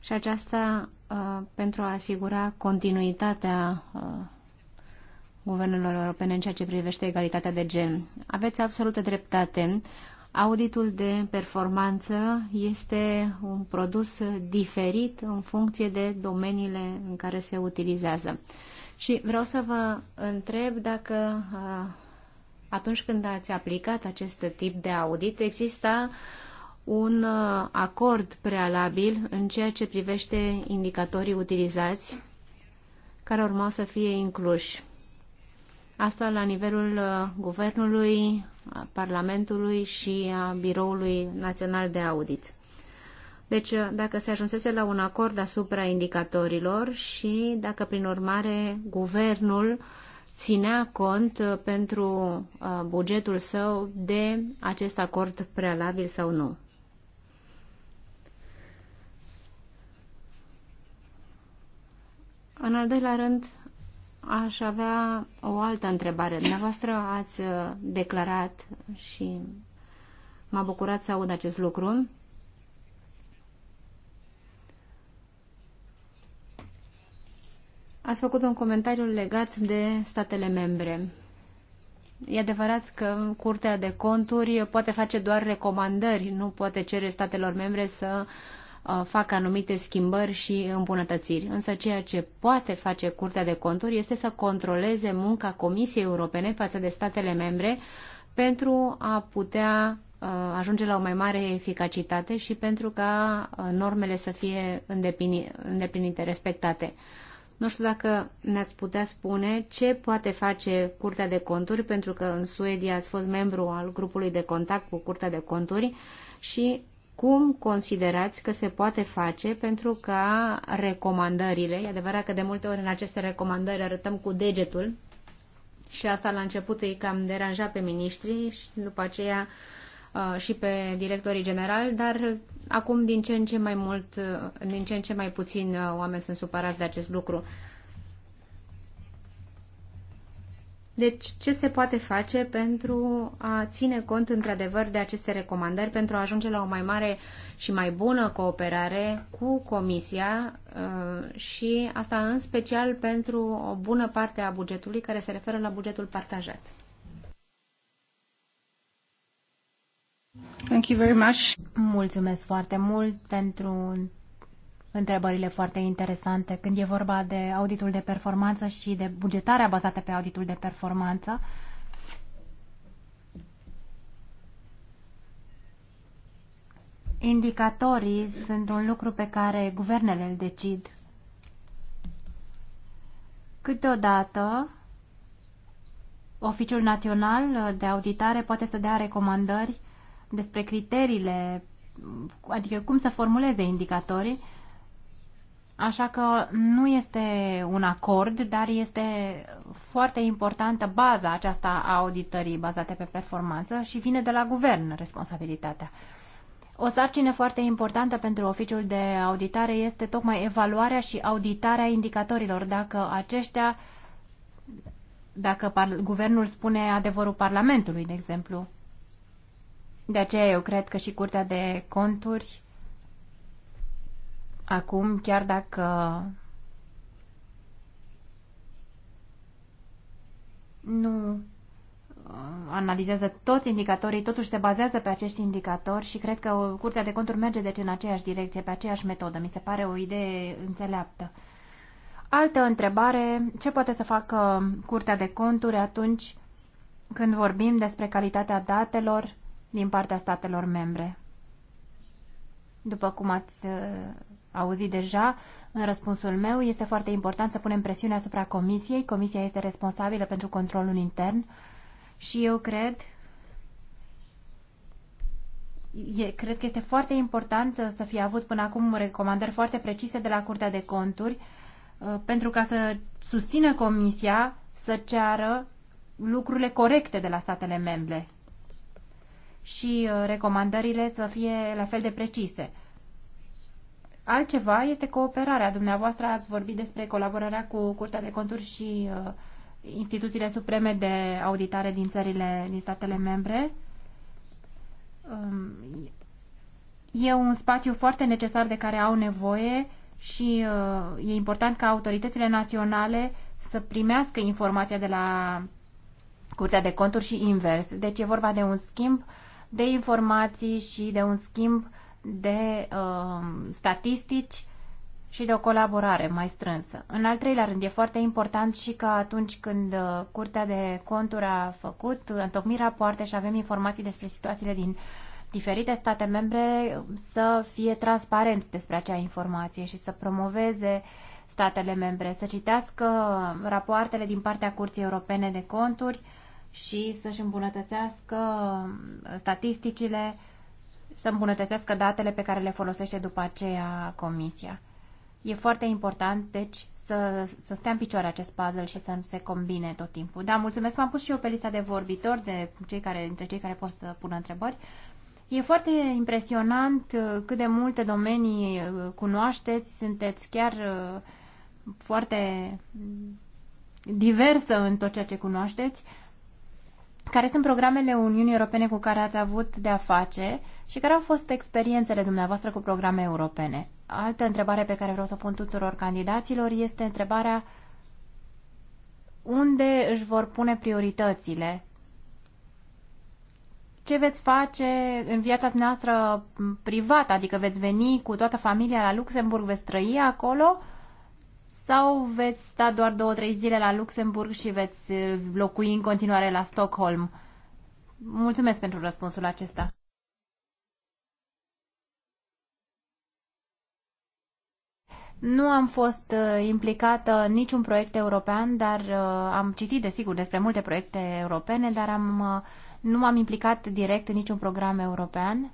Și aceasta Uh, pentru a asigura continuitatea uh, guvernelor europene în ceea ce privește egalitatea de gen. Aveți absolută dreptate. Auditul de performanță este un produs diferit în funcție de domeniile în care se utilizează. Și vreau să vă întreb dacă uh, atunci când ați aplicat acest tip de audit exista uh, un uh, acord prealabil în ceea ce privește indicatorii utilizați care urmau să fie incluși. Asta la nivelul uh, Guvernului, a Parlamentului și a Biroului Național de Audit. Deci, uh, dacă se ajunsese la un acord asupra indicatorilor și dacă, prin urmare, Guvernul ținea cont pentru bugetul său de acest acord prealabil sau nu. În al doilea rând, aș avea o altă întrebare. Dumneavoastră ați uh, declarat și m-a bucurat să aud acest lucru. Ați făcut un comentariu legat de statele membre. E adevărat că Curtea de Conturi poate face doar recomandări, nu poate cere statelor membre să uh, Uh, fac anumite schimbări și îmbunătățiri. Însă ceea ce poate face Curtea de Conturi este să controleze munca Comisiei Europene față de statele membre pentru a putea uh, ajunge la o mai mare eficacitate și pentru ca uh, normele să fie îndeplinite, respectate. Nu știu dacă ne-ați putea spune ce poate face Curtea de Conturi, pentru că în Suedia ați fost membru al grupului de contact cu Curtea de Conturi și cum considerați că se poate face pentru ca recomandările, e adevărat că de multe ori în aceste recomandări arătăm cu degetul și asta la început îi cam deranja pe miniștri și după aceea uh, și pe directorii generali, dar acum din ce în ce mai mult, uh, din ce în ce mai puțin uh, oameni sunt supărați de acest lucru. Deci, ce se poate face pentru a ține cont, într-adevăr, de aceste recomandări, pentru a ajunge la o mai mare și mai bună cooperare cu Comisia uh, și asta în special pentru o bună parte a bugetului care se referă la bugetul partajat? Thank you very much. Mulțumesc foarte mult pentru întrebările foarte interesante când e vorba de auditul de performanță și de bugetarea bazată pe auditul de performanță. Indicatorii sunt un lucru pe care guvernele îl decid. Câteodată, Oficiul Național de Auditare poate să dea recomandări despre criteriile, adică cum să formuleze indicatorii Așa că nu este un acord, dar este foarte importantă baza aceasta a auditării bazate pe performanță și vine de la guvern responsabilitatea. O sarcină foarte importantă pentru oficiul de auditare este tocmai evaluarea și auditarea indicatorilor, dacă aceștia, dacă guvernul spune adevărul Parlamentului, de exemplu. De aceea eu cred că și Curtea de Conturi acum, chiar dacă nu uh, analizează toți indicatorii, totuși se bazează pe acești indicatori și cred că Curtea de Conturi merge deci în aceeași direcție, pe aceeași metodă. Mi se pare o idee înțeleaptă. Altă întrebare, ce poate să facă Curtea de Conturi atunci când vorbim despre calitatea datelor din partea statelor membre? După cum ați uh, auzit deja în răspunsul meu, este foarte important să punem presiune asupra Comisiei. Comisia este responsabilă pentru controlul intern și eu cred E, cred că este foarte important să, să fie avut până acum recomandări foarte precise de la Curtea de Conturi uh, pentru ca să susțină Comisia să ceară lucrurile corecte de la statele membre și uh, recomandările să fie la fel de precise. Altceva este cooperarea. Dumneavoastră ați vorbit despre colaborarea cu Curtea de Conturi și uh, instituțiile supreme de auditare din țările, din statele membre. Um, e un spațiu foarte necesar de care au nevoie și uh, e important ca autoritățile naționale să primească informația de la Curtea de Conturi și invers. Deci e vorba de un schimb de informații și de un schimb uh, de uh, statistici și de o colaborare mai strânsă. În al treilea rând, e foarte important și că atunci când uh, Curtea de Conturi a făcut, uh, întocmi rapoarte și avem informații despre situațiile din diferite state membre, să fie transparenți despre acea informație și să promoveze statele membre, să citească rapoartele din partea Curții Europene de Conturi și să-și îmbunătățească um, statisticile să îmbunătățească datele pe care le folosește după aceea comisia. E foarte important, deci, să, să stea în picioare acest puzzle și să nu se combine tot timpul. Da, mulțumesc, m-am pus și eu pe lista de vorbitori, de cei care, dintre cei care pot să pună întrebări. E foarte impresionant uh, cât de multe domenii uh, cunoașteți, sunteți chiar uh, foarte diversă în tot ceea ce cunoașteți. Care sunt programele Uniunii Europene cu care ați avut de-a face și care au fost experiențele dumneavoastră cu programe europene? Altă întrebare pe care vreau să o pun tuturor candidaților este întrebarea unde își vor pune prioritățile? Ce veți face în viața noastră privată? Adică veți veni cu toată familia la Luxemburg, veți trăi acolo? sau veți sta doar două-trei zile la Luxemburg și veți eh, locui în continuare la Stockholm? Mulțumesc pentru răspunsul acesta. Nu am fost eh, implicată în niciun proiect european, dar eh, am citit, desigur, despre multe proiecte europene, dar am, nu m-am implicat direct în niciun program european.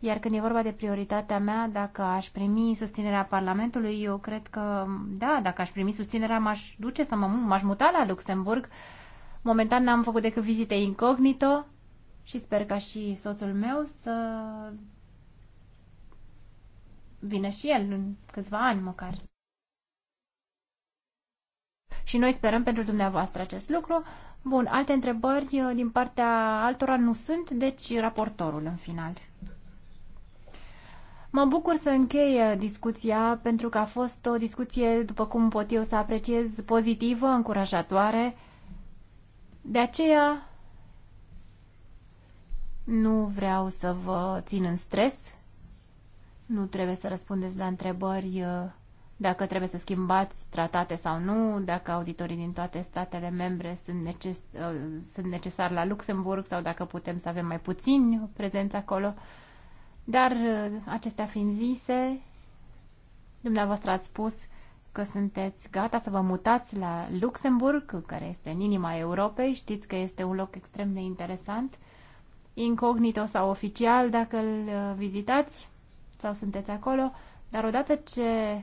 Iar când e vorba de prioritatea mea, dacă aș primi susținerea Parlamentului, eu cred că, da, dacă aș primi susținerea, m-aș duce să mă, m-aș muta la Luxemburg. Momentan n-am făcut decât vizite incognito și sper ca și soțul meu să vină și el în câțiva ani măcar. Și noi sperăm pentru dumneavoastră acest lucru. Bun, alte întrebări uh, din partea altora nu sunt, deci raportorul în final. Mă bucur să închei uh, discuția pentru că a fost o discuție, după cum pot eu să apreciez, pozitivă, încurajatoare. De aceea nu vreau să vă țin în stres. Nu trebuie să răspundeți la întrebări uh, dacă trebuie să schimbați tratate sau nu, dacă auditorii din toate statele membre sunt, neces- uh, sunt necesari la Luxemburg sau dacă putem să avem mai puțin prezență acolo. Dar uh, acestea fiind zise, dumneavoastră ați spus că sunteți gata să vă mutați la Luxemburg, care este în inima Europei, știți că este un loc extrem de interesant, incognito sau oficial dacă îl uh, vizitați sau sunteți acolo, dar odată ce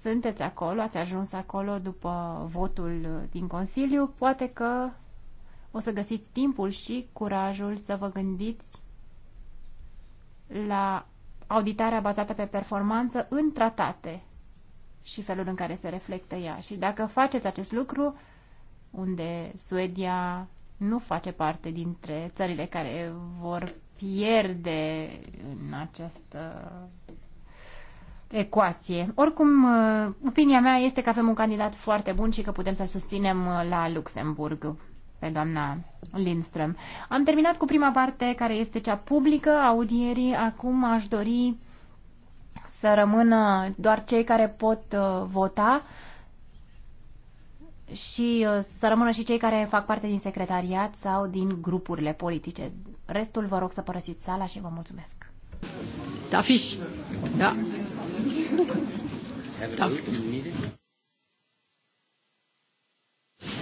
sunteți acolo, ați ajuns acolo după votul uh, din Consiliu, poate că o să găsiți timpul și curajul să vă gândiți la auditarea bazată pe performanță în tratate și felul în care se reflectă ea. Și dacă faceți acest lucru, unde Suedia nu face parte dintre țările care vor pierde în această ecuație. Oricum, opinia mea este că avem un candidat foarte bun și că putem să-l susținem uh, la Luxemburg pe doamna Lindström. Am terminat cu prima parte, care este cea publică a audierii. Acum aș dori să rămână doar cei care pot uh, vota și uh, să rămână și cei care fac parte din secretariat sau din grupurile politice. Restul vă rog să părăsiți sala și vă mulțumesc. Da, fiș. Da. da.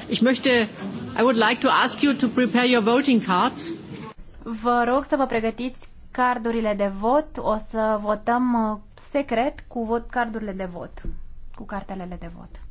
Ich möchte, I would like to ask you to prepare your voting cards. Vă rog să vă pregătiți cardurile de vot. O să votăm uh, secret cu vot cardurile de vot, cu cartelele de vot.